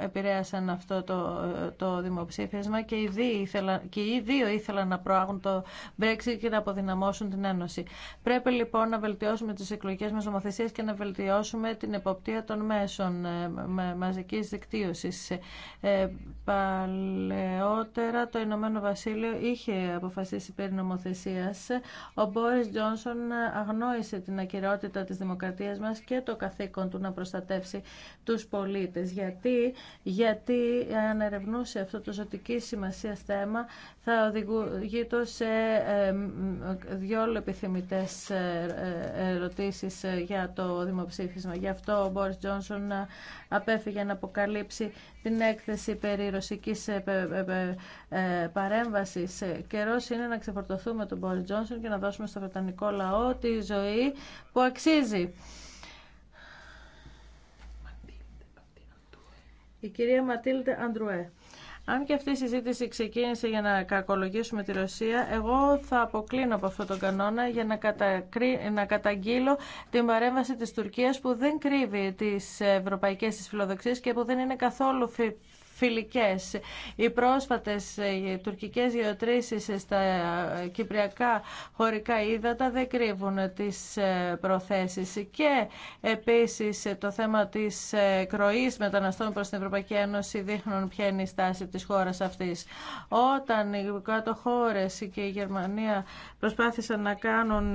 επηρέασαν αυτό το, ε, το δημοψήφισμα και οι, ήθελαν, και οι δύο ήθελαν να προάγουν το Brexit και να αποδυναμώσουν την Ένωση. Πρέπει λοιπόν να βελτιώσουμε τις εκλογικές μα νομοθεσίε και να βελτιώσουμε την εποπτεία των μέσων ε, μαζικής Ε, Παλαιότερα το Ηνωμένο Βασίλειο είχε αποφασίσει περί νομοθεσίας. Ο Μπόρι Τζόνσον αγνόησε την ακυρεότητα της δημοκρατίας μας και το καθήκον του να προστατεύσει του πολίτε. Γιατί, γιατί αν ερευνούσε αυτό το ζωτική σημασία θέμα θα οδηγεί το σε δυο επιθυμητές ε, ε, ερωτήσεις ε, για το δημοψήφισμα. Γι' αυτό ο Μπόρις Τζόνσον απέφυγε να αποκαλύψει την έκθεση περί ρωσικής παρέμβασης. Καιρός είναι να ξεφορτωθούμε τον Μπόρις Τζόνσον και να δώσουμε στο βρετανικό λαό τη ζωή που αξίζει. Η κυρία Ματίλτε Αντρουέ. Αν και αυτή η συζήτηση ξεκίνησε για να κακολογήσουμε τη Ρωσία, εγώ θα αποκλίνω από αυτόν τον κανόνα για να, κατακρι... καταγγείλω την παρέμβαση της Τουρκίας που δεν κρύβει τις ευρωπαϊκές της φιλοδοξίες και που δεν είναι καθόλου φιλικές. Οι πρόσφατε ε, τουρκικές γεωτρήσει στα ε, κυπριακά χωρικά ύδατα δεν κρύβουν τις ε, προθέσεις και επίσης το θέμα της κροή μεταναστών προς την Ευρωπαϊκή Ένωση δείχνουν ποια είναι η στάση της χώρα αυτής. Όταν οι κάτω χώρες και η Γερμανία προσπάθησαν να κάνουν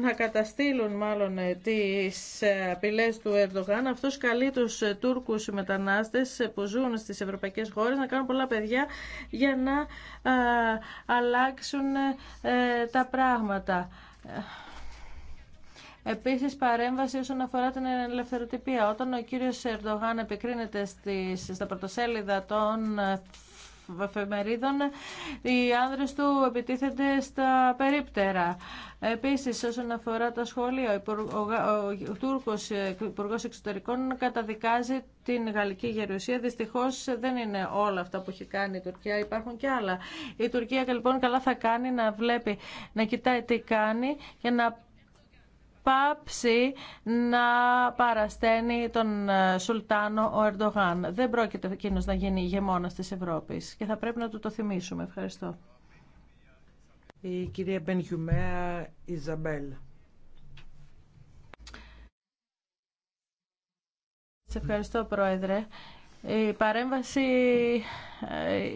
να καταστήλουν μάλλον ε, τις ε, απειλές του Ερντογάν. Αυτός καλεί τους ε, Τούρκους μετανάστες που ζουν στις ευρωπαϊκές χώρες να κάνουν πολλά παιδιά για να αλλάξουν τα πράγματα. Επίση, παρέμβαση όσον αφορά την ελευθεροτυπία. Όταν ο κύριο Ερντογάν επικρίνεται στις, στα πρωτοσέλιδα των εφημερίδων, οι άνδρες του επιτίθενται στα περίπτερα. Επίσης, όσον αφορά τα σχολεία, ο Τούρκος ε, υπουργό Εξωτερικών καταδικάζει την γαλλική γερουσία. Δυστυχώς δεν είναι όλα αυτά που έχει κάνει η Τουρκία, υπάρχουν και άλλα. Η Τουρκία λοιπόν καλά θα κάνει να βλέπει, να κοιτάει τι κάνει και να πάψει να παρασταίνει τον ε, Σουλτάνο ο Ερντογάν. Δεν πρόκειται εκείνο να γίνει ηγεμόνα τη Ευρώπη και θα πρέπει να του το θυμίσουμε. Ευχαριστώ. Η κυρία Μπενχιουμέα Ιζαμπέλ. Σε ευχαριστώ, Πρόεδρε. Η παρέμβαση ε,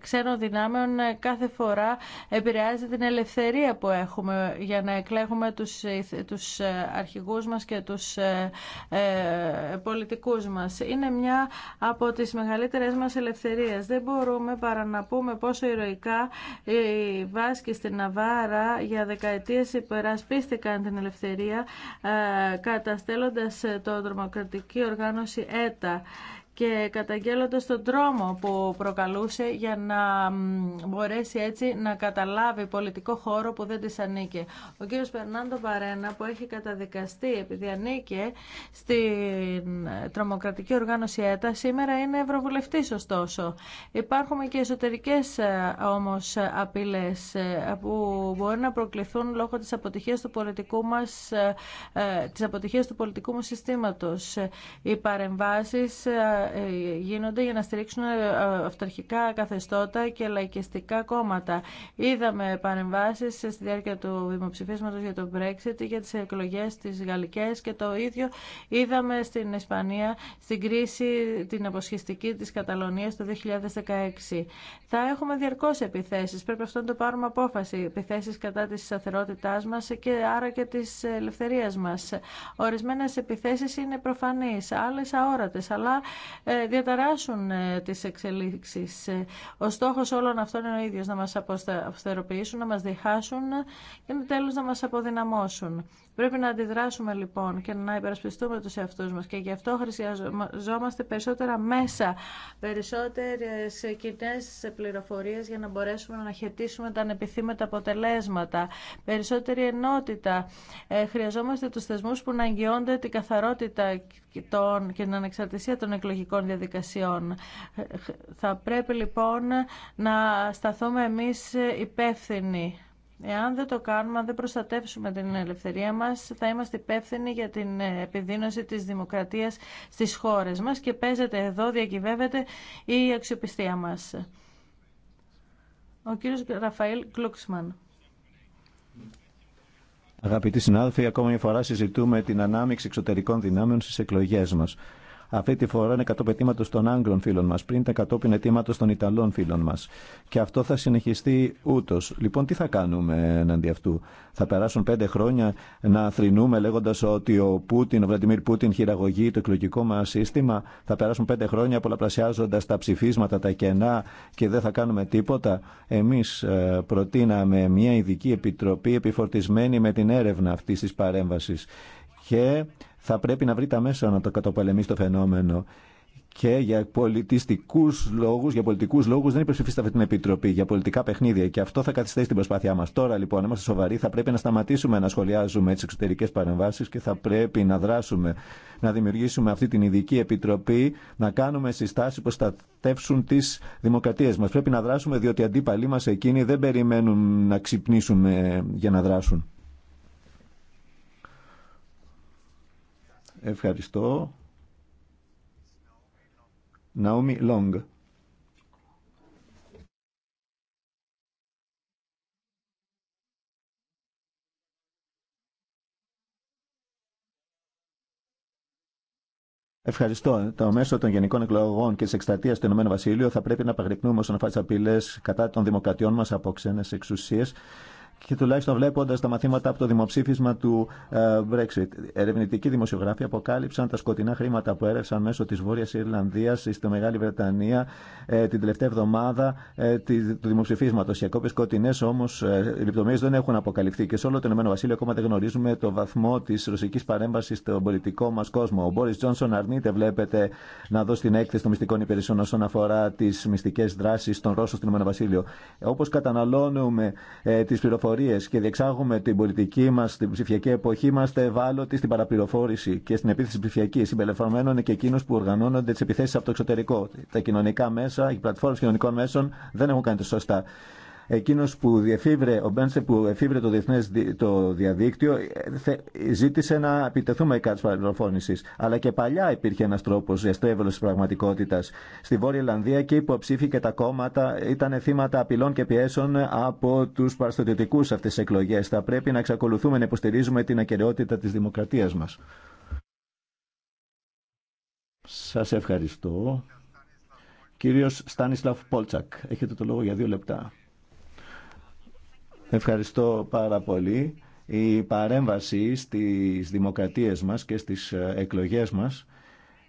ξένων δυνάμεων ε, κάθε φορά επηρεάζει την ελευθερία που έχουμε για να εκλέγουμε τους, τους ε, αρχηγούς μας και τους ε, ε, πολιτικούς μας. Είναι μια από τις μεγαλύτερες μας ελευθερίες. Δεν μπορούμε παρά να πούμε πόσο ηρωικά οι Βάσκοι στην Ναβάρα για δεκαετίες υπερασπίστηκαν την ελευθερία ε, καταστέλλοντας το τρομοκρατική οργάνωση ΕΤΑ και καταγγέλλοντας τον τρόμο που προκαλούσε για να μπορέσει έτσι να καταλάβει πολιτικό χώρο που δεν της ανήκε. Ο κύριος Περνάντο Βαρένα που έχει καταδικαστεί επειδή ανήκε στην τρομοκρατική οργάνωση ΕΤΑ σήμερα είναι ευρωβουλευτής ωστόσο. Υπάρχουν και εσωτερικές ε, όμως απειλές ε, που μπορεί να προκληθούν λόγω της αποτυχίας του πολιτικού μας, ε, της αποτυχίας του πολιτικού συστήματος. Οι παρεμβάσεις ε, γίνονται για να στηρίξουν ε, αυταρχικά καθεστώτα και λαϊκιστικά κόμματα. Είδαμε παρεμβάσεις στη διάρκεια του δημοψηφίσματος για το Brexit, για τις εκλογές τις γαλλικές και το ίδιο είδαμε στην Ισπανία στην κρίση την αποσχιστική της Καταλωνίας το 2016. Θα έχουμε διαρκώς επιθέσεις, πρέπει αυτό να το πάρουμε απόφαση, επιθέσεις κατά της σταθερότητά μας και άρα και της ελευθερίας μας. Ορισμένες επιθέσεις είναι προφανείς, άλλες αόρατες, αλλά ε, διαταράσουν ε, τις εξελίξεις. Ε, ο στόχος όλων αυτών είναι ο ίδιος, να μας αυστεροποιήσουν, να μας διχάσουν και τέλος να μας αποδυναμώσουν. Πρέπει να αντιδράσουμε λοιπόν και να υπερασπιστούμε τους εαυτούς μας και γι' αυτό χρειαζόμαστε περισσότερα μέσα, περισσότερες κοινέ πληροφορίες για να μπορέσουμε να χαιτήσουμε τα ανεπιθύμετα αποτελέσματα, περισσότερη ενότητα. χρειαζόμαστε τους θεσμούς που να αγγιώνται την καθαρότητα και την ανεξαρτησία των εκλογικών εκλογικών διαδικασιών. Θα πρέπει λοιπόν να σταθούμε εμείς υπεύθυνοι. Εάν δεν το κάνουμε, αν δεν προστατεύσουμε την ελευθερία μας, θα είμαστε υπεύθυνοι για την επιδείνωση της δημοκρατίας στις χώρες μας και παίζεται εδώ, διακυβεύεται η αξιοπιστία μας. Ο κύριος Ραφαήλ Κλούξμαν. Αγαπητοί συνάδελφοι, ακόμα μια φορά συζητούμε την ανάμειξη εξωτερικών δυνάμεων στις εκλογές μας. Αυτή τη φορά είναι κατόπιν αιτήματο των Άγγλων φίλων μα. Πριν ήταν κατόπιν αιτήματο των Ιταλών φίλων μα. Και αυτό θα συνεχιστεί ούτω. Λοιπόν, τι θα κάνουμε εναντί αυτού. Θα περάσουν πέντε χρόνια να θρυνούμε λέγοντα ότι ο Πούτιν, ο Βλαντιμίρ Πούτιν χειραγωγεί το εκλογικό μα σύστημα. Θα περάσουν πέντε χρόνια πολλαπλασιάζοντα τα ψηφίσματα, τα κενά και δεν θα κάνουμε τίποτα. Εμεί ε, προτείναμε μια ειδική επιτροπή επιφορτισμένη με την έρευνα αυτή τη παρέμβαση και θα πρέπει να βρει τα μέσα να το καταπολεμήσει το φαινόμενο. Και για πολιτιστικού λόγου, για πολιτικού λόγου δεν υπερψηφίσετε αυτή την επιτροπή, για πολιτικά παιχνίδια. Και αυτό θα καθυστερήσει την προσπάθειά μα. Τώρα λοιπόν, είμαστε σοβαροί, θα πρέπει να σταματήσουμε να σχολιάζουμε τι εξωτερικέ παρεμβάσει και θα πρέπει να δράσουμε, να δημιουργήσουμε αυτή την ειδική επιτροπή, να κάνουμε συστάσει που προστατεύσουν τι δημοκρατίε μα. Πρέπει να δράσουμε, διότι οι αντίπαλοι μα εκείνοι δεν περιμένουν να ξυπνήσουμε για να δράσουν. Ευχαριστώ. Ναόμι Λόγγ. Ευχαριστώ. Το μέσο των γενικών εκλογών και τη εκστρατεία του Ηνωμένου Βασιλείου θα πρέπει να παγρυπνούμε όσον αφορά τι απειλέ κατά των δημοκρατιών μα από ξένε εξουσίε και τουλάχιστον βλέποντα τα μαθήματα από το δημοψήφισμα του ε, Brexit. Ερευνητικοί δημοσιογράφοι αποκάλυψαν τα σκοτεινά χρήματα που έρευσαν μέσω τη Βόρεια Ιρλανδία στη Μεγάλη Βρετανία ε, την τελευταία εβδομάδα ε, του δημοψηφίσματο. Οι ακόμη σκοτεινέ όμω λεπτομέρειε δεν έχουν αποκαλυφθεί και σε όλο το Ηνωμένο Βασίλειο ακόμα δεν γνωρίζουμε το βαθμό τη ρωσική παρέμβαση στον πολιτικό μα κόσμο. Ο Μπόρι Τζόνσον αρνείται, βλέπετε, να δώσει την έκθεση των μυστικών υπηρεσιών όσον αφορά τι μυστικέ δράσει των Ρώσων στο Ηνωμένο Βασίλειο. Όπω καταναλώνουμε τι πληροφορίε και διεξάγουμε την πολιτική μα στην ψηφιακή εποχή, είμαστε ευάλωτοι στην παραπληροφόρηση και στην επίθεση ψηφιακή, είναι και εκείνου που οργανώνονται τι επιθέσει από το εξωτερικό. Τα κοινωνικά μέσα, οι πλατφόρμες κοινωνικών μέσων δεν έχουν κάνει το σωστά. Εκείνος που διεφύβρε, ο Μπένσε που εφήβρε το διεθνές το διαδίκτυο ζήτησε να επιτεθούμε κάτι τη Αλλά και παλιά υπήρχε ένας τρόπος τη πραγματικότητας. Στη Βόρεια Ιλανδία, και υποψήφοι και τα κόμματα ήταν θύματα απειλών και πιέσεων από τους παραστατιωτικούς αυτές τι εκλογές. Θα πρέπει να εξακολουθούμε να υποστηρίζουμε την ακαιρεότητα της δημοκρατίας μας. Σας ευχαριστώ. Κύριος Στάνισλαφ Πόλτσακ, έχετε το λόγο για δύο λεπτά. Ευχαριστώ πάρα πολύ. Η παρέμβαση στις δημοκρατίες μας και στις ε, εκλογές μας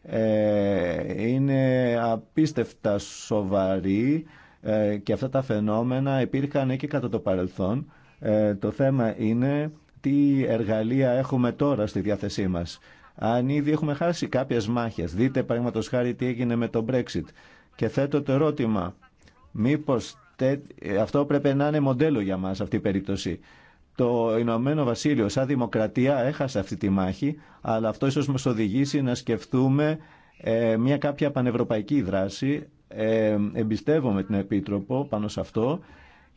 ε, είναι απίστευτα σοβαρή ε, και αυτά τα φαινόμενα υπήρχαν και κατά το παρελθόν. Το θέμα είναι τι εργαλεία έχουμε τώρα στη διάθεσή μας. Αν ήδη έχουμε χάσει κάποιες μάχες, δείτε παραδείγματος χάρη τι έγινε με το Brexit. Και θέτω το ερώτημα, μήπως αυτό πρέπει να είναι μοντέλο για μας αυτή η περίπτωση. Το Ηνωμένο Βασίλειο σαν δημοκρατία έχασε αυτή τη μάχη, αλλά αυτό ίσως μας οδηγήσει να σκεφτούμε ε, μια κάποια πανευρωπαϊκή δράση. Ε, εμπιστεύομαι την Επίτροπο πάνω σε αυτό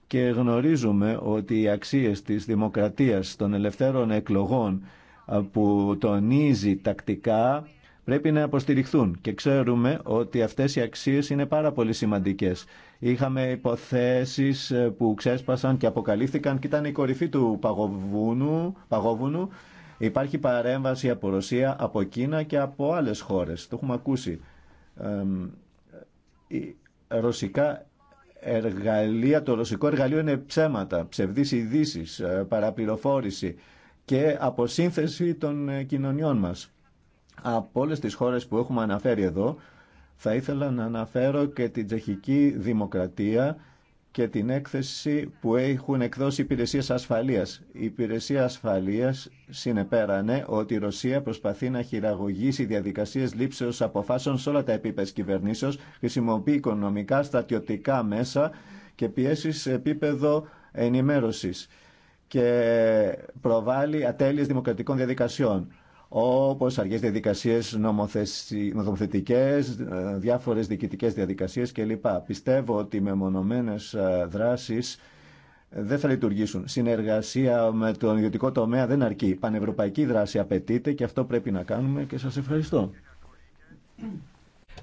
και γνωρίζουμε ότι οι αξίες της δημοκρατίας των ελευθέρων εκλογών ε, που τονίζει τακτικά πρέπει να αποστηριχθούν και ξέρουμε ότι αυτές οι αξίες είναι πάρα πολύ σημαντικές. Είχαμε υποθέσεις ε, που ξέσπασαν και αποκαλύφθηκαν και ήταν η κορυφή του παγοβούνου, Υπάρχει παρέμβαση από Ρωσία, από Κίνα και από άλλες χώρες. Το έχουμε ακούσει. ρωσικά εργαλεία, το ρωσικό εργαλείο είναι ψέματα, ψευδείς ειδήσει, ε, παραπληροφόρηση και αποσύνθεση των ε, κοινωνιών μας από όλες τις χώρες που έχουμε αναφέρει εδώ, θα ήθελα να αναφέρω και την τσεχική δημοκρατία και την έκθεση που έχουν εκδώσει υπηρεσίες ασφαλείας. Η υπηρεσία ασφαλείας συνεπέρανε ότι η Ρωσία προσπαθεί να χειραγωγήσει διαδικασίες λήψεως αποφάσεων σε όλα τα επίπεδα κυβερνήσεως, χρησιμοποιεί οικονομικά, στρατιωτικά μέσα και πιέσει σε επίπεδο ενημέρωσης και προβάλλει ατέλειες δημοκρατικών διαδικασιών. Όπω αργέ διαδικασίε, νομοθετικέ, διάφορε διοικητικέ διαδικασίε κλπ. Πιστεύω ότι με μονομένε ε, δράσει ε, δεν θα λειτουργήσουν. Συνεργασία με τον ιδιωτικό τομέα δεν αρκεί. Πανευρωπαϊκή δράση απαιτείται και αυτό πρέπει να κάνουμε και σας ευχαριστώ.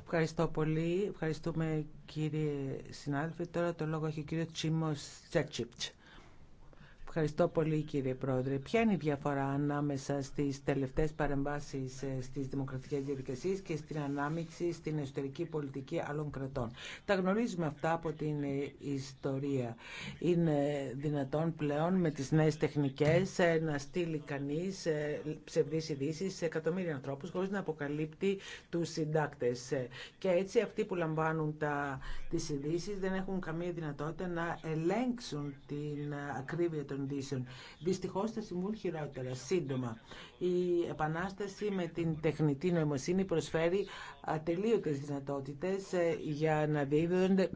Ευχαριστώ πολύ. Ευχαριστούμε κύριε συνάδελφε. Τώρα το λόγο έχει ο κύριο Τσίμος Τσέτσιπτς. Ευχαριστώ πολύ κύριε Πρόεδρε. Ποια είναι η διαφορά ανάμεσα στις τελευταίες παρεμβάσεις ε, στις δημοκρατικές διαδικασίες και στην ανάμειξη στην εσωτερική πολιτική άλλων κρατών. Τα γνωρίζουμε αυτά από την ε, ιστορία. Είναι δυνατόν πλέον με τις νέες τεχνικές ε, να στείλει κανείς ψευδείς ειδήσει σε εκατομμύρια ανθρώπους χωρίς να αποκαλύπτει τους συντάκτες. Και έτσι αυτοί που λαμβάνουν τα τις ειδήσει δεν έχουν καμία δυνατότητα να ελέγξουν την ακρίβεια των ειδήσεων. Δυστυχώ θα συμβούν χειρότερα, σύντομα. Η επανάσταση με την τεχνητή νοημοσύνη προσφέρει ατελείωτες δυνατότητες ε, για να δίδονται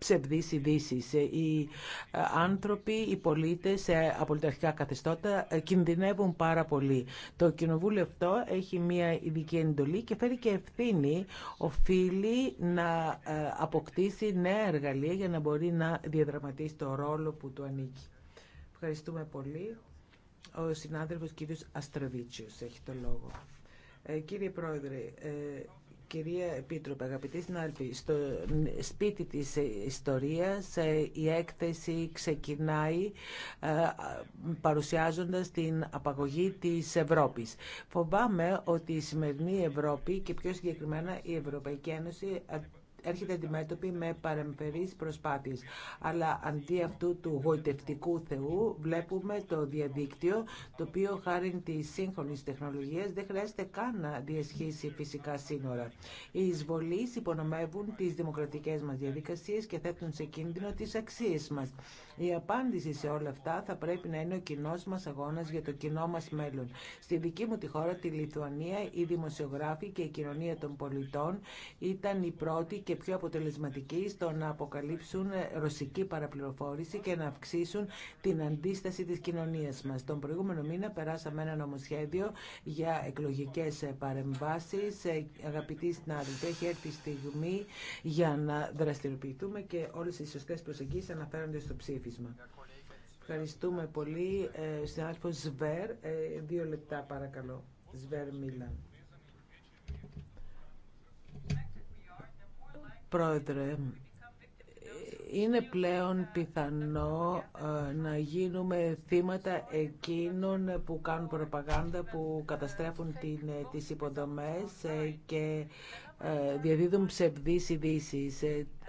ψευδείς ειδήσει. Ε, οι ε, άνθρωποι, οι πολίτες σε απολυταρχικά καθεστώτα ε, κινδυνεύουν πάρα πολύ. Το κοινοβούλιο αυτό έχει μια ειδική εντολή και φέρει και ευθύνη οφείλει να αποκτήσει νέα εργαλεία για να μπορεί να διαδραματίσει το ρόλο που του ανήκει. Ευχαριστούμε πολύ. Ο συνάδελφος κύριος Αστραβίτσιος έχει το λόγο. κύριε Πρόεδρε, Κυρία Επίτροπε, αγαπητοί συνάδελφοι, στο σπίτι της ιστορίας ε, η έκθεση ξεκινάει ε, παρουσιάζοντας την απαγωγή της Ευρώπης. Φοβάμαι ότι η σημερινή Ευρώπη και πιο συγκεκριμένα η Ευρωπαϊκή Ένωση έρχεται αντιμέτωπη με παρεμφερείς προσπάθειες. Αλλά αντί αυτού του γοητευτικού θεού βλέπουμε το διαδίκτυο το οποίο χάρη τη σύγχρονη τεχνολογία δεν χρειάζεται καν να διασχίσει φυσικά σύνορα. Οι εισβολεί υπονομεύουν τι δημοκρατικέ μα διαδικασίε και θέτουν σε κίνδυνο τις αξίες μα. Η απάντηση σε όλα αυτά θα πρέπει να είναι ο κοινό μα αγώνα για το κοινό μα μέλλον. Στη δική μου τη χώρα, τη Λιθουανία, οι δημοσιογράφοι και η κοινωνία των πολιτών ήταν οι πρώτοι και πιο αποτελεσματική στο να αποκαλύψουν ρωσική παραπληροφόρηση και να αυξήσουν την αντίσταση της κοινωνίας μας. Τον προηγούμενο μήνα περάσαμε ένα νομοσχέδιο για εκλογικές παρεμβάσεις. Αγαπητοί συνάδελφοι, έχει έρθει η στιγμή για να δραστηριοποιηθούμε και όλες οι σωστές προσεγγίσεις αναφέρονται στο ψήφισμα. Ευχαριστούμε πολύ. Ε, Σβέρ, ε, δύο λεπτά παρακαλώ. Σβέρ Μίλαν. Πρόεδρε, είναι πλέον πιθανό ε, να γίνουμε θύματα εκείνων που κάνουν προπαγάνδα, που καταστρέφουν την, ε, τις υποδομές ε, και διαδίδουν ψευδείς ειδήσει.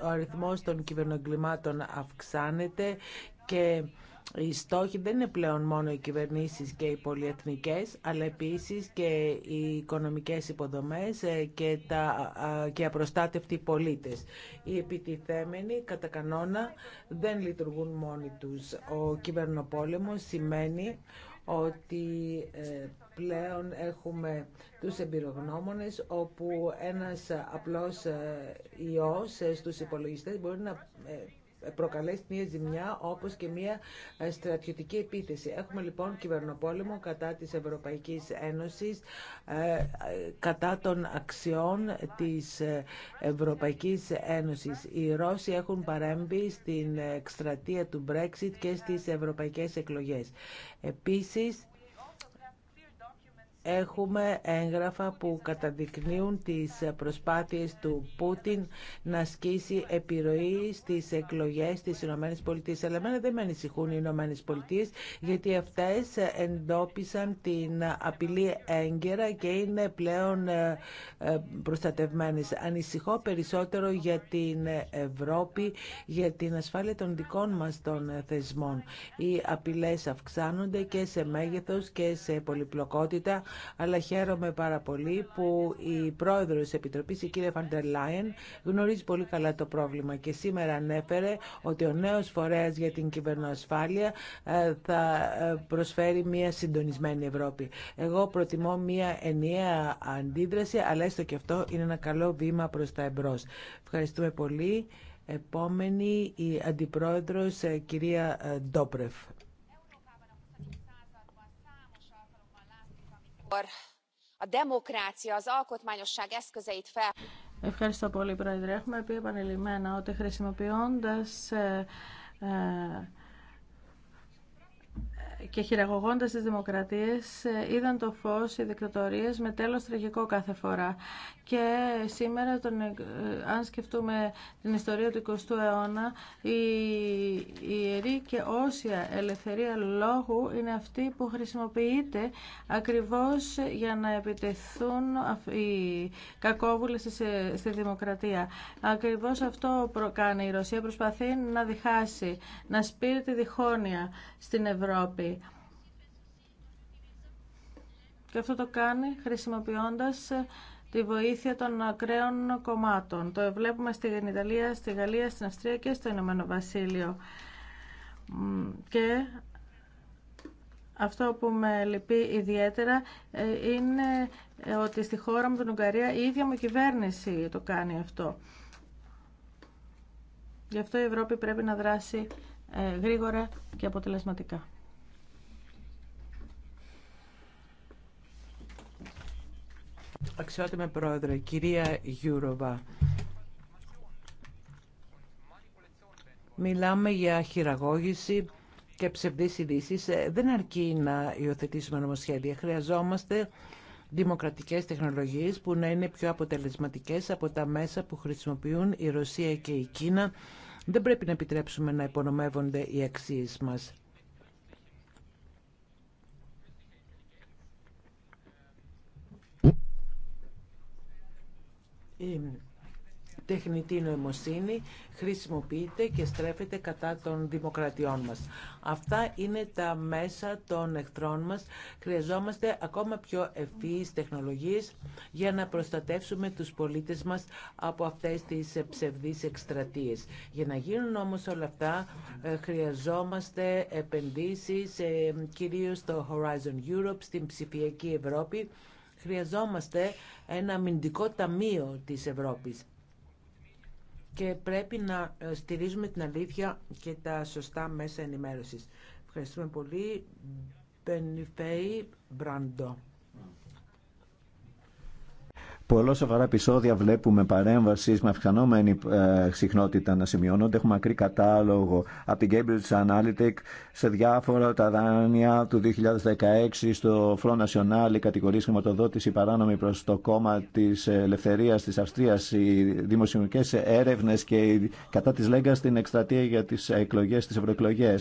Ο αριθμός των κυβερνογκλημάτων αυξάνεται και οι στόχοι δεν είναι πλέον μόνο οι κυβερνήσεις και οι πολυεθνικές, αλλά επίσης και οι οικονομικές υποδομές ε, και, τα, και απροστάτευτοι πολίτες. Οι επιτιθέμενοι κατά κανόνα δεν λειτουργούν μόνοι τους. Ο κυβερνοπόλεμος σημαίνει ότι ε, πλέον έχουμε τους εμπειρογνώμονες όπου ένας απλός ε, ιός στους υπολογιστές μπορεί να προκαλέσει μια ζημιά όπως και μια ε, στρατιωτική επίθεση. Έχουμε λοιπόν κυβερνοπόλεμο κατά της Ευρωπαϊκής Ένωσης, ε, ε, κατά των αξιών της Ευρωπαϊκής Ένωσης. Οι Ρώσοι έχουν παρέμβει στην εκστρατεία του Brexit και στις ευρωπαϊκές εκλογές. Επίσης, έχουμε έγγραφα που καταδεικνύουν τις προσπάθειες του Πούτιν να ασκήσει επιρροή στις εκλογές της Ηνωμένης Πολιτείας. Αλλά εμένα δεν με ανησυχούν οι Ηνωμένες Πολιτείες γιατί αυτές εντόπισαν την απειλή έγκαιρα και είναι πλέον ε, ε, προστατευμένες. Ανησυχώ περισσότερο για την Ευρώπη, για την ασφάλεια των δικών μας των θεσμών. Οι απειλές αυξάνονται και σε μέγεθος και σε πολυπλοκότητα αλλά χαίρομαι πάρα πολύ που η πρόεδρος της Επιτροπής, η κυρία Φαντερ Λάιεν, γνωρίζει πολύ καλά το πρόβλημα και σήμερα ανέφερε ότι ο νέος φορέας για την κυβερνοασφάλεια ε, θα ε, προσφέρει μια συντονισμένη Ευρώπη. Εγώ προτιμώ μια ενιαία αντίδραση, αλλά έστω και αυτό είναι ένα καλό βήμα προς τα εμπρός. Ευχαριστούμε πολύ. Επόμενη η Αντιπρόεδρος ε, κυρία Ντόπρεφ. Ευχαριστώ πολύ, Πρόεδρε. Έχουμε πει επανειλημμένα ότι χρησιμοποιώντας ε, ε, και χειραγωγώντας τις δημοκρατίες ε, είδαν το φως οι δικτατορίες με τέλος τραγικό κάθε φορά. Και σήμερα, τον, ε, αν σκεφτούμε την ιστορία του 20ου αιώνα, η, η ιερή και όσια ελευθερία λόγου είναι αυτή που χρησιμοποιείται ακριβώς για να επιτεθούν οι κακόβουλες στη δημοκρατία. Ακριβώς αυτό προκάνει η Ρωσία. Προσπαθεί να διχάσει, να σπείρει τη διχόνοια στην Ευρώπη. Και αυτό το κάνει χρησιμοποιώντας ε, τη βοήθεια των ακραίων κομμάτων. Το βλέπουμε στην Ιταλία, στη Γαλλία, στην Αυστρία και στο Ηνωμένο Βασίλειο. Και αυτό που με λυπεί ιδιαίτερα ε, είναι ε, ότι στη χώρα μου, την Ουγγαρία, η ίδια μου κυβέρνηση το κάνει αυτό. Γι' αυτό η Ευρώπη πρέπει να δράσει γρήγορα και αποτελεσματικά. Αξιότιμε Πρόεδρε, κυρία Γιούροβα, μιλάμε για χειραγώγηση και ψευδείς ειδήσει. Ε, δεν αρκεί να υιοθετήσουμε νομοσχέδια. Χρειαζόμαστε δημοκρατικές τεχνολογίες που να είναι πιο αποτελεσματικές από τα μέσα που χρησιμοποιούν η Ρωσία και η Κίνα. Δεν πρέπει να επιτρέψουμε να υπονομεύονται οι αξίες μας. Η τεχνητή νοημοσύνη χρησιμοποιείται και στρέφεται κατά των δημοκρατιών μας. Αυτά είναι τα μέσα των εχθρών μας. Χρειαζόμαστε ακόμα πιο ευφύης τεχνολογίες για να προστατεύσουμε τους πολίτες μας από αυτές τις ψευδείς εκστρατείες. Για να γίνουν όμως όλα αυτά ε, χρειαζόμαστε επενδύσεις ε, κυρίως στο Horizon Europe, στην ψηφιακή Ευρώπη Χρειαζόμαστε ένα αμυντικό ταμείο της Ευρώπης και πρέπει να ε, στηρίζουμε την αλήθεια και τα σωστά μέσα ενημέρωσης. Ευχαριστούμε πολύ. Μπενιφέη Μπραντό. Πολλά σοβαρά επεισόδια βλέπουμε παρέμβαση με αυξανόμενη ε, συχνότητα να σημειώνονται. Έχουμε μακρύ κατάλογο από την Cambridge Analytic σε διάφορα τα δάνεια του 2016 στο Front National, η κατηγορία χρηματοδότηση παράνομη προ το κόμμα τη ελευθερία τη Αυστρία, οι δημοσιονομικέ έρευνε και κατά τη Λέγκα στην εκστρατεία για τι εκλογέ, τι ευρωεκλογέ.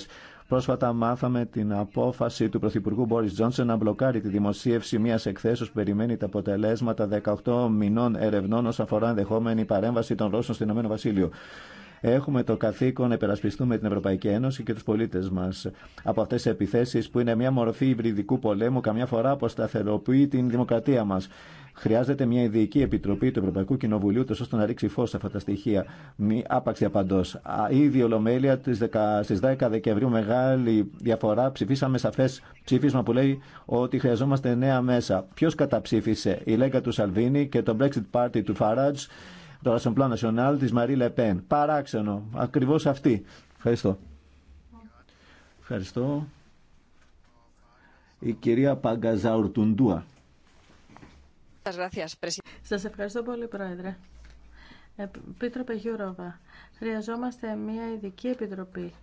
Πρόσφατα μάθαμε την απόφαση του Πρωθυπουργού Μπόρις Τζόνσον να μπλοκάρει τη δημοσίευση μιας εκθέσεως που περιμένει τα αποτελέσματα 18 μηνών ερευνών όσον αφορά ενδεχόμενη παρέμβαση των Ρώσων στην Ηνωμένο Βασίλειο. Έχουμε το καθήκον να υπερασπιστούμε την Ευρωπαϊκή Ένωση και του πολίτε μα από αυτέ τι επιθέσει που είναι μια μορφή υβριδικού πολέμου, καμιά φορά αποσταθεροποιεί την δημοκρατία μα. Χρειάζεται μια ειδική επιτροπή του Ευρωπαϊκού Κοινοβουλίου, τόσο ώστε να ρίξει φω σε αυτά τα στοιχεία. Μη άπαξια απαντό. Ήδη ολομέλεια στι 10 Δεκεμβρίου, μεγάλη διαφορά, ψηφίσαμε σαφέ ψήφισμα που λέει ότι χρειαζόμαστε νέα μέσα. Ποιο καταψήφισε, η Λέγκα του Σαλβίνη και το Brexit Party του Φαράτζ, το Πλάνο National τη Μαρή Λεπέν. Παράξενο, ακριβώ αυτή. Ευχαριστώ. Ευχαριστώ. Η κυρία Παγκαζαουρτουντούα. Σας ευχαριστώ πολύ, Πρόεδρε. Επίτροπε Γιούροβα, χρειαζόμαστε μια ειδική επιτροπή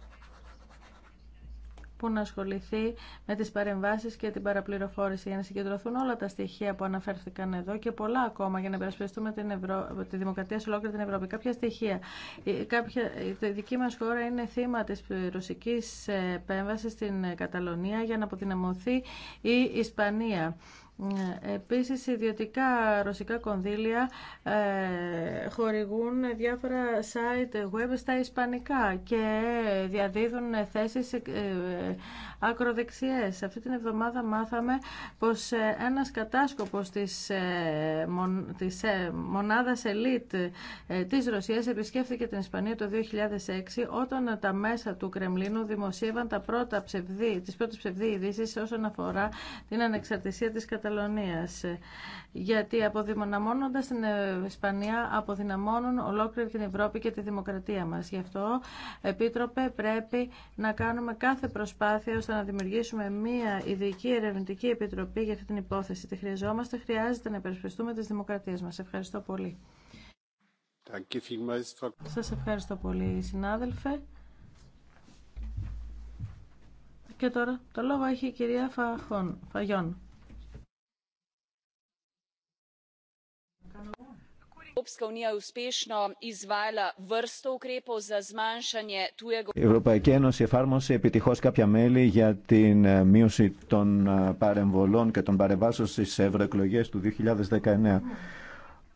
που να ασχοληθεί με τις παρεμβάσεις και την παραπληροφόρηση για να συγκεντρωθούν όλα τα στοιχεία που αναφέρθηκαν εδώ και πολλά ακόμα για να υπερασπιστούμε την τη δημοκρατία σε ολόκληρη την Ευρώπη. Κάποια στοιχεία. Κάποια... Η δική μας χώρα είναι θύμα της ρωσικής επέμβασης στην Καταλωνία για να αποδυναμωθεί η Ισπανία. Ε, επίσης, ιδιωτικά ρωσικά κονδύλια ε, χορηγούν διάφορα site web στα ισπανικά και διαδίδουν θέσεις ε, ακροδεξιές. Αυτή την εβδομάδα μάθαμε πως ένας κατάσκοπος της, της μονάδας ελίτ της Ρωσίας επισκέφθηκε την Ισπανία το 2006 όταν τα μέσα του Κρεμλίνου δημοσίευαν τα πρώτα ψευδή, τις πρώτες ψευδή ειδήσει όσον αφορά την ανεξαρτησία της κατασκοπής Καταλωνίας. Γιατί αποδυναμώνοντας την Ισπανία αποδυναμώνουν ολόκληρη την Ευρώπη και τη δημοκρατία μας. Γι' αυτό, Επίτροπε, πρέπει να κάνουμε κάθε προσπάθεια ώστε να δημιουργήσουμε μία ειδική ερευνητική επιτροπή για αυτή την υπόθεση. Τη χρειαζόμαστε, χρειάζεται να υπερασπιστούμε τις δημοκρατίες μας. Ευχαριστώ πολύ. Σας ευχαριστώ πολύ, συνάδελφε. Και τώρα το λόγο έχει η κυρία Φαγιόν. Η Ευρωπαϊκή Ένωση εφάρμοσε επιτυχώς κάποια μέλη για την ε, μείωση των ε, παρεμβολών και των παρεμβάσεων στις ευρωεκλογέ του 2019.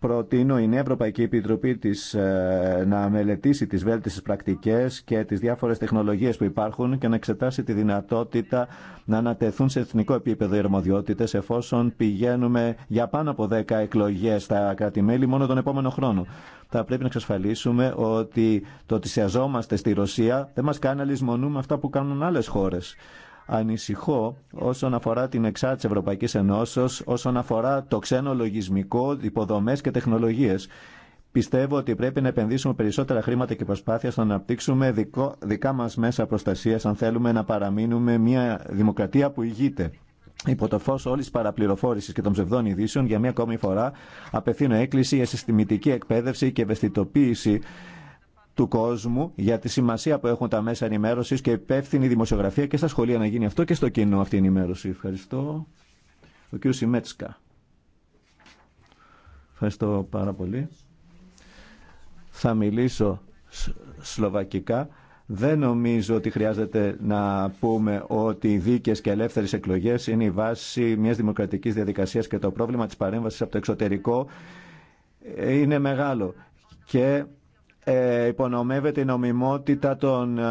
Προτείνω η Νέα Ευρωπαϊκή Επιτροπή της, ε, να μελετήσει τις βέλτιστες πρακτικές και τις διάφορες τεχνολογίες που υπάρχουν και να εξετάσει τη δυνατότητα να ανατεθούν σε εθνικό επίπεδο οι αρμοδιότητες εφόσον πηγαίνουμε για πάνω από 10 εκλογές στα κράτη-μέλη μόνο τον επόμενο χρόνο. Θα πρέπει να εξασφαλίσουμε ότι το ότι στη Ρωσία δεν μας κάνει να λησμονούμε αυτά που κάνουν άλλες χώρες. Ανησυχώ όσον αφορά την εξάρτηση Ευρωπαϊκή Ενώσεω, όσον αφορά το ξένο λογισμικό, υποδομέ και τεχνολογίε, Πιστεύω ότι πρέπει να επενδύσουμε περισσότερα χρήματα και προσπάθεια στο να αναπτύξουμε δικό, δικά μα μέσα προστασία αν θέλουμε να παραμείνουμε μια δημοκρατία που ηγείται. Υπό το φω όλη τη παραπληροφόρηση και των ψευδών ειδήσεων, για μία ακόμη φορά απευθύνω έκκληση για συστημητική εκπαίδευση και ευαισθητοποίηση του κόσμου για τη σημασία που έχουν τα μέσα ενημέρωση και υπεύθυνη δημοσιογραφία και στα σχολεία να γίνει αυτό και στο κοινό αυτή η ενημέρωση. Ευχαριστώ. Ο κ. Σιμέτσκα. Ευχαριστώ πάρα πολύ. Θα μιλήσω σλοβακικά. Δεν νομίζω ότι χρειάζεται να πούμε ότι οι δίκες και ελεύθερες εκλογές είναι η βάση μιας δημοκρατικής διαδικασίας και το πρόβλημα της παρέμβασης από το εξωτερικό είναι μεγάλο. Και ε, υπονομεύεται η νομιμότητα των ε,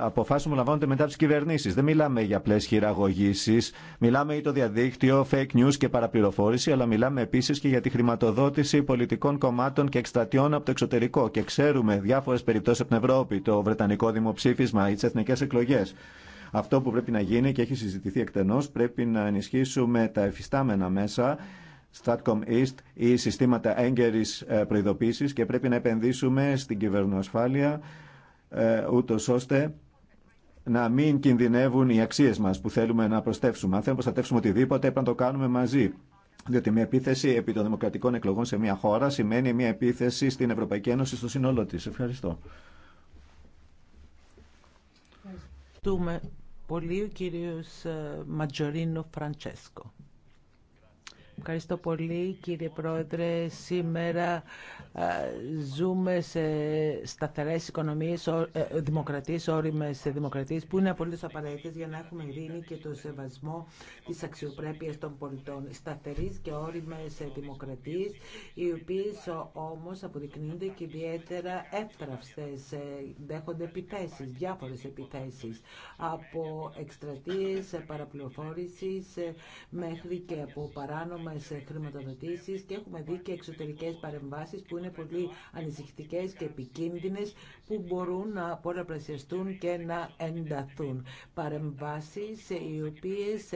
αποφάσεων που λαμβάνονται μετά τι κυβερνήσει. Δεν μιλάμε για απλέ χειραγωγήσει. Μιλάμε για το διαδίκτυο, fake news και παραπληροφόρηση, αλλά μιλάμε επίση και για τη χρηματοδότηση πολιτικών κομμάτων και εκστρατιών από το εξωτερικό. Και ξέρουμε διάφορε περιπτώσει από την Ευρώπη, το Βρετανικό δημοψήφισμα ή τι εθνικέ εκλογέ. Αυτό που πρέπει να γίνει και έχει συζητηθεί εκτενώς πρέπει να ενισχύσουμε τα εφιστάμενα μέσα Statcom East ή συστήματα έγκαιρης ε, προειδοποίησης και πρέπει να επενδύσουμε στην κυβερνοασφάλεια ε, ούτω ώστε να μην κινδυνεύουν οι αξίες μας που θέλουμε να προστεύσουμε. Αν θέλουμε να προστατεύσουμε οτιδήποτε πρέπει να το κάνουμε μαζί. Διότι μια επίθεση επί των δημοκρατικών εκλογών σε μια χώρα σημαίνει μια επίθεση στην Ευρωπαϊκή Ένωση στο σύνολό της. Ευχαριστώ. Ευχαριστούμε πολύ ο κύριος ε, Ματζορίνο Φραντσέσκο. Ευχαριστώ πολύ κύριε Πρόεδρε. Σήμερα ζούμε σε σταθερές οικονομίες, ε, δημοκρατίες, όριμες δημοκρατίες που είναι απολύτως απαραίτητες για να έχουμε ειρήνη και το σεβασμό της αξιοπρέπειας των πολιτών. Σταθερείς και όριμες δημοκρατίες οι οποίες όμως αποδεικνύονται και ιδιαίτερα έφτραυστες, ε, δέχονται επιθέσεις, διάφορες επιθέσεις από εκστρατείες παραπληροφόρησης ε, μέχρι και από παράνομα μας χρηματοδοτήσεις και έχουμε δει και εξωτερικές παρεμβάσεις που είναι πολύ ανησυχητικές και επικίνδυνες που μπορούν να πολλαπλασιαστούν και να ενταθούν. Παρεμβάσεις οι οποίες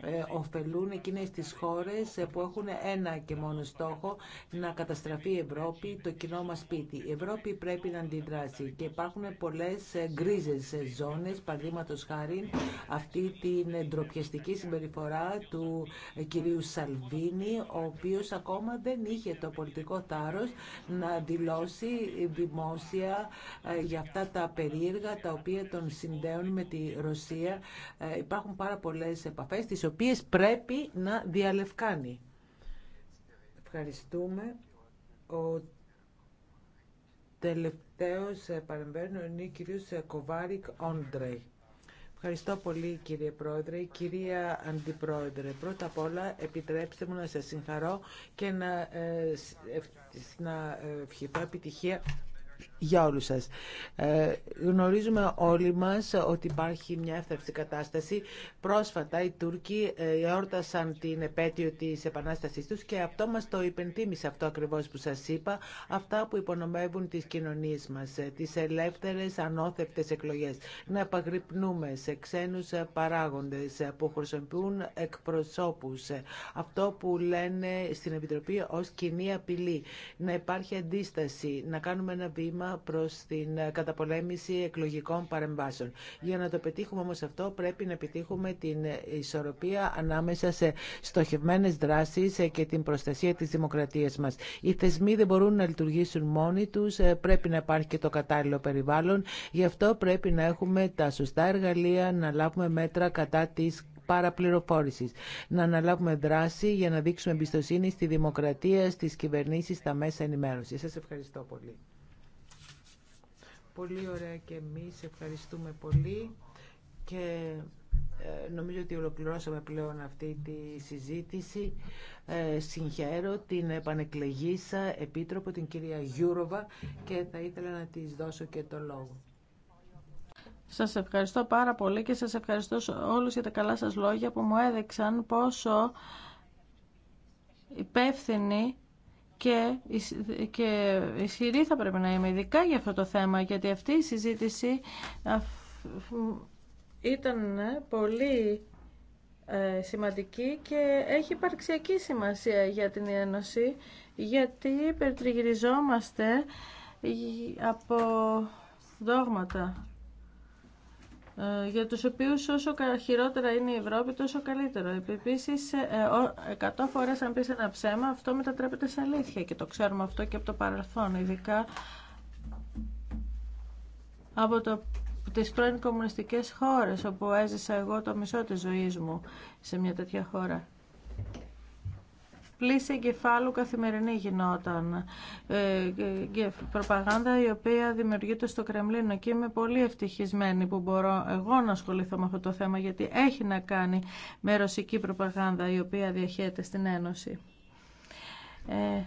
ε, ωφελούν εκείνες τις χώρες που έχουν ένα και μόνο στόχο να καταστραφεί η Ευρώπη, το κοινό μας σπίτι. Η Ευρώπη πρέπει να αντιδράσει και υπάρχουν πολλές ε, γκρίζες ζώνες, παραδείγματο χάρη αυτή την ντροπιαστική συμπεριφορά του ε, κυρίου Σαλβίνη ο οποίος ακόμα δεν είχε το πολιτικό τάρος να δηλώσει δημόσια ε, για αυτά τα περίεργα τα οποία τον συνδέουν με τη Ρωσία. Ε, υπάρχουν πάρα πολλές επαφές, τις οποίες πρέπει να διαλευκάνει. Ευχαριστούμε. Ο τελευταίος ε, παρεμβαίνω είναι ο κύριος Κοβάρικ Όντρεϊ. Ευχαριστώ πολύ κύριε Πρόεδρε. Κυρία Αντιπρόεδρε, πρώτα απ' όλα επιτρέψτε μου να σας συγχαρώ και να, ε, ε, να ε, ευχηθώ επιτυχία για όλους σας. Ε, γνωρίζουμε όλοι μας ότι υπάρχει μια εύθραυστη κατάσταση. Πρόσφατα οι Τούρκοι ε, εόρτασαν την επέτειο της επανάστασής τους και αυτό μας το υπενθύμισε αυτό ακριβώς που σας είπα, αυτά που υπονομεύουν τις κοινωνίες μας, ε, τις ελεύθερες ανώθευτες εκλογές. Να επαγρυπνούμε σε ξένους παράγοντες που χρησιμοποιούν εκπροσώπους. Αυτό που λένε στην Επιτροπή ως κοινή απειλή. Να υπάρχει αντίσταση, να κάνουμε ένα βήμα βήμα προς την ε, καταπολέμηση εκλογικών παρεμβάσεων. Για να το πετύχουμε όμως αυτό πρέπει να επιτύχουμε την ε, ισορροπία ανάμεσα σε στοχευμένες δράσεις ε, και την προστασία της δημοκρατίας μας. Οι θεσμοί δεν μπορούν να λειτουργήσουν μόνοι τους, πρέπει να υπάρχει και το κατάλληλο περιβάλλον, γι' αυτό πρέπει να έχουμε τα σωστά εργαλεία, να λάβουμε μέτρα κατά της παραπληροφόρησης. Να αναλάβουμε δράση για να δείξουμε εμπιστοσύνη στη δημοκρατία, στις κυβερνήσεις, στα μέσα ενημέρωσης. Σας ευχαριστώ πολύ. Πολύ ωραία και εμείς ευχαριστούμε πολύ και ε, νομίζω ότι ολοκληρώσαμε πλέον αυτή τη συζήτηση. Ε, συγχαίρω την επανεκλεγήσα επίτροπο, την κυρία Γιούροβα και θα ήθελα να της δώσω και το λόγο. Σας ευχαριστώ πάρα πολύ και σας ευχαριστώ όλους για τα καλά σας λόγια που μου έδειξαν πόσο υπεύθυνοι και, και ισχυρή θα πρέπει να είμαι ειδικά για αυτό το θέμα γιατί αυτή η συζήτηση ήταν ε, πολύ ε, σημαντική και έχει υπαρξιακή σημασία για την Ένωση γιατί υπερτριγυριζόμαστε ε, από δόγματα ε, για τους οποίους όσο χειρότερα είναι η Ευρώπη τόσο καλύτερο. Ε, επίσης, 100 ε, φορές αν πεις ένα ψέμα αυτό μετατρέπεται σε αλήθεια και το ξέρουμε αυτό και από το παρελθόν, ειδικά από το τις πρώην κομμουνιστικές χώρες όπου έζησα εγώ το μισό της ζωής μου σε μια τέτοια χώρα πλήση εγκεφάλου καθημερινή γινόταν. Ε, προπαγάνδα η οποία δημιουργείται στο Κρεμλίνο και είμαι πολύ ευτυχισμένη που μπορώ εγώ να ασχοληθώ με αυτό το θέμα γιατί έχει να κάνει με ρωσική προπαγάνδα η οποία διαχέεται στην Ένωση. Ε,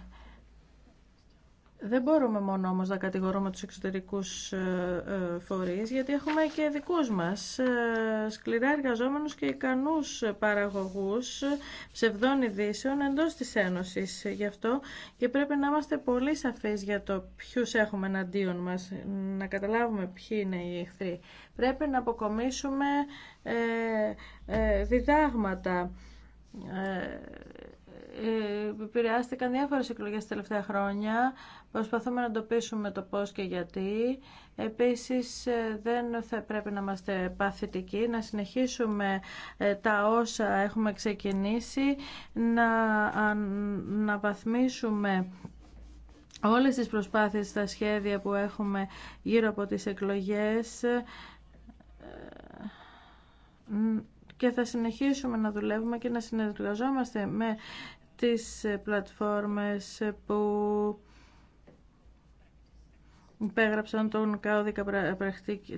δεν μπορούμε μόνο όμως να κατηγορούμε τους εξωτερικούς ε, ε, φορείς, γιατί έχουμε και δικούς μας ε, σκληρά εργαζόμενους και ικανούς παραγωγούς ψευδών ειδήσεων εντός της Ένωσης. Γι' αυτό και πρέπει να είμαστε πολύ σαφείς για το ποιους έχουμε εναντίον μας, να καταλάβουμε ποιοι είναι οι εχθροί. Πρέπει να αποκομίσουμε διδάγματα επηρεάστηκαν διάφορες εκλογές τα τελευταία χρόνια Προσπαθούμε να το πείσουμε το πώς και γιατί. Επίσης ε, δεν θα πρέπει να είμαστε παθητικοί, να συνεχίσουμε ε, τα όσα έχουμε ξεκινήσει, να, αναβαθμίσουμε όλες τις προσπάθειες στα σχέδια που έχουμε γύρω από τις εκλογές ε, και θα συνεχίσουμε να δουλεύουμε και να συνεργαζόμαστε με τις πλατφόρμες που υπέγραψαν τον κώδικα,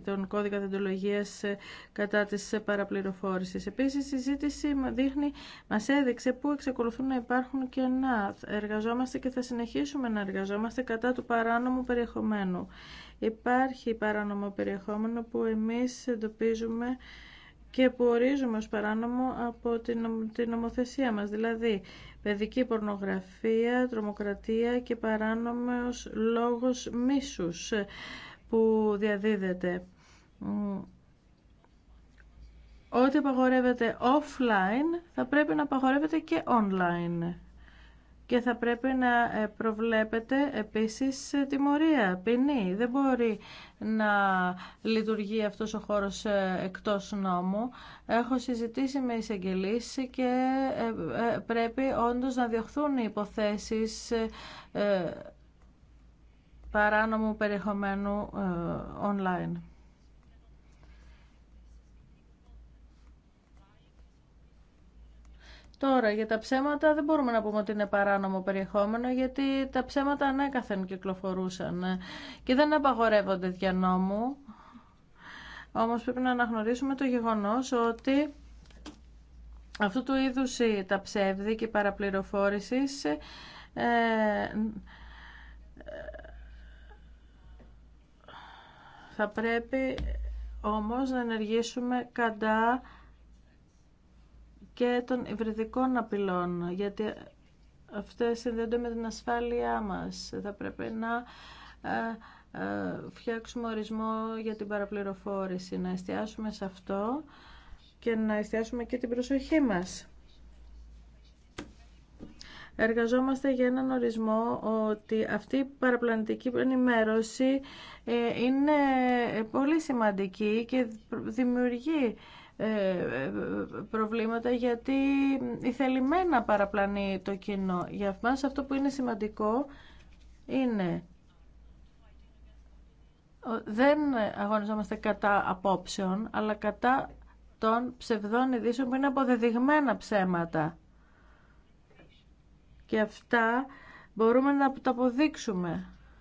τον κώδικα ε, κατά της ε, παραπληροφόρησης. Επίσης, η συζήτηση δείχνει, μας έδειξε πού εξακολουθούν να υπάρχουν κενά. Εργαζόμαστε και θα συνεχίσουμε να εργαζόμαστε κατά του παράνομου περιεχομένου. Υπάρχει παράνομο περιεχόμενο που εμείς εντοπίζουμε και που ορίζουμε ως παράνομο από την νομοθεσία μας. Δηλαδή, παιδική πορνογραφία, τρομοκρατία και παράνομος λόγος μίσους που διαδίδεται. Ό,τι απαγορεύεται offline θα πρέπει να απαγορεύεται και online και θα πρέπει να ε, προβλέπετε επίσης ε, τιμωρία, ποινή. Δεν μπορεί να λειτουργεί αυτός ο χώρος ε, εκτός νόμου. Έχω συζητήσει με εισαγγελίες και πρέπει όντως να διωχθούν οι υποθέσεις παράνομου περιεχομένου online. Τώρα, για τα ψέματα δεν μπορούμε να πούμε ότι είναι παράνομο περιεχόμενο, γιατί τα ψέματα ανέκαθεν κυκλοφορούσαν ε, και δεν απαγορεύονται δια νόμου. Όμως πρέπει να αναγνωρίσουμε το γεγονός ότι αυτού του είδους τα ψεύδη και η παραπληροφόρηση ε, θα πρέπει όμως να ενεργήσουμε κατά και των υβριδικών απειλών, γιατί αυτέ συνδέονται με την ασφάλειά μας. Θα πρέπει να ε, ε, φτιάξουμε ορισμό για την παραπληροφόρηση, να εστιάσουμε σε αυτό και να εστιάσουμε και την προσοχή μας. Εργαζόμαστε για έναν ορισμό ότι αυτή η παραπλανητική ενημέρωση ε, είναι πολύ σημαντική και δημιουργεί ε, ε, προβλήματα γιατί θελημένα παραπλανεί το κοινό. Για μας αυτό που είναι σημαντικό είναι δεν αγωνιζόμαστε κατά απόψεων, αλλά κατά των ψευδών ειδήσεων που είναι αποδεδειγμένα ψέματα. Και αυτά μπορούμε να τα αποδείξουμε.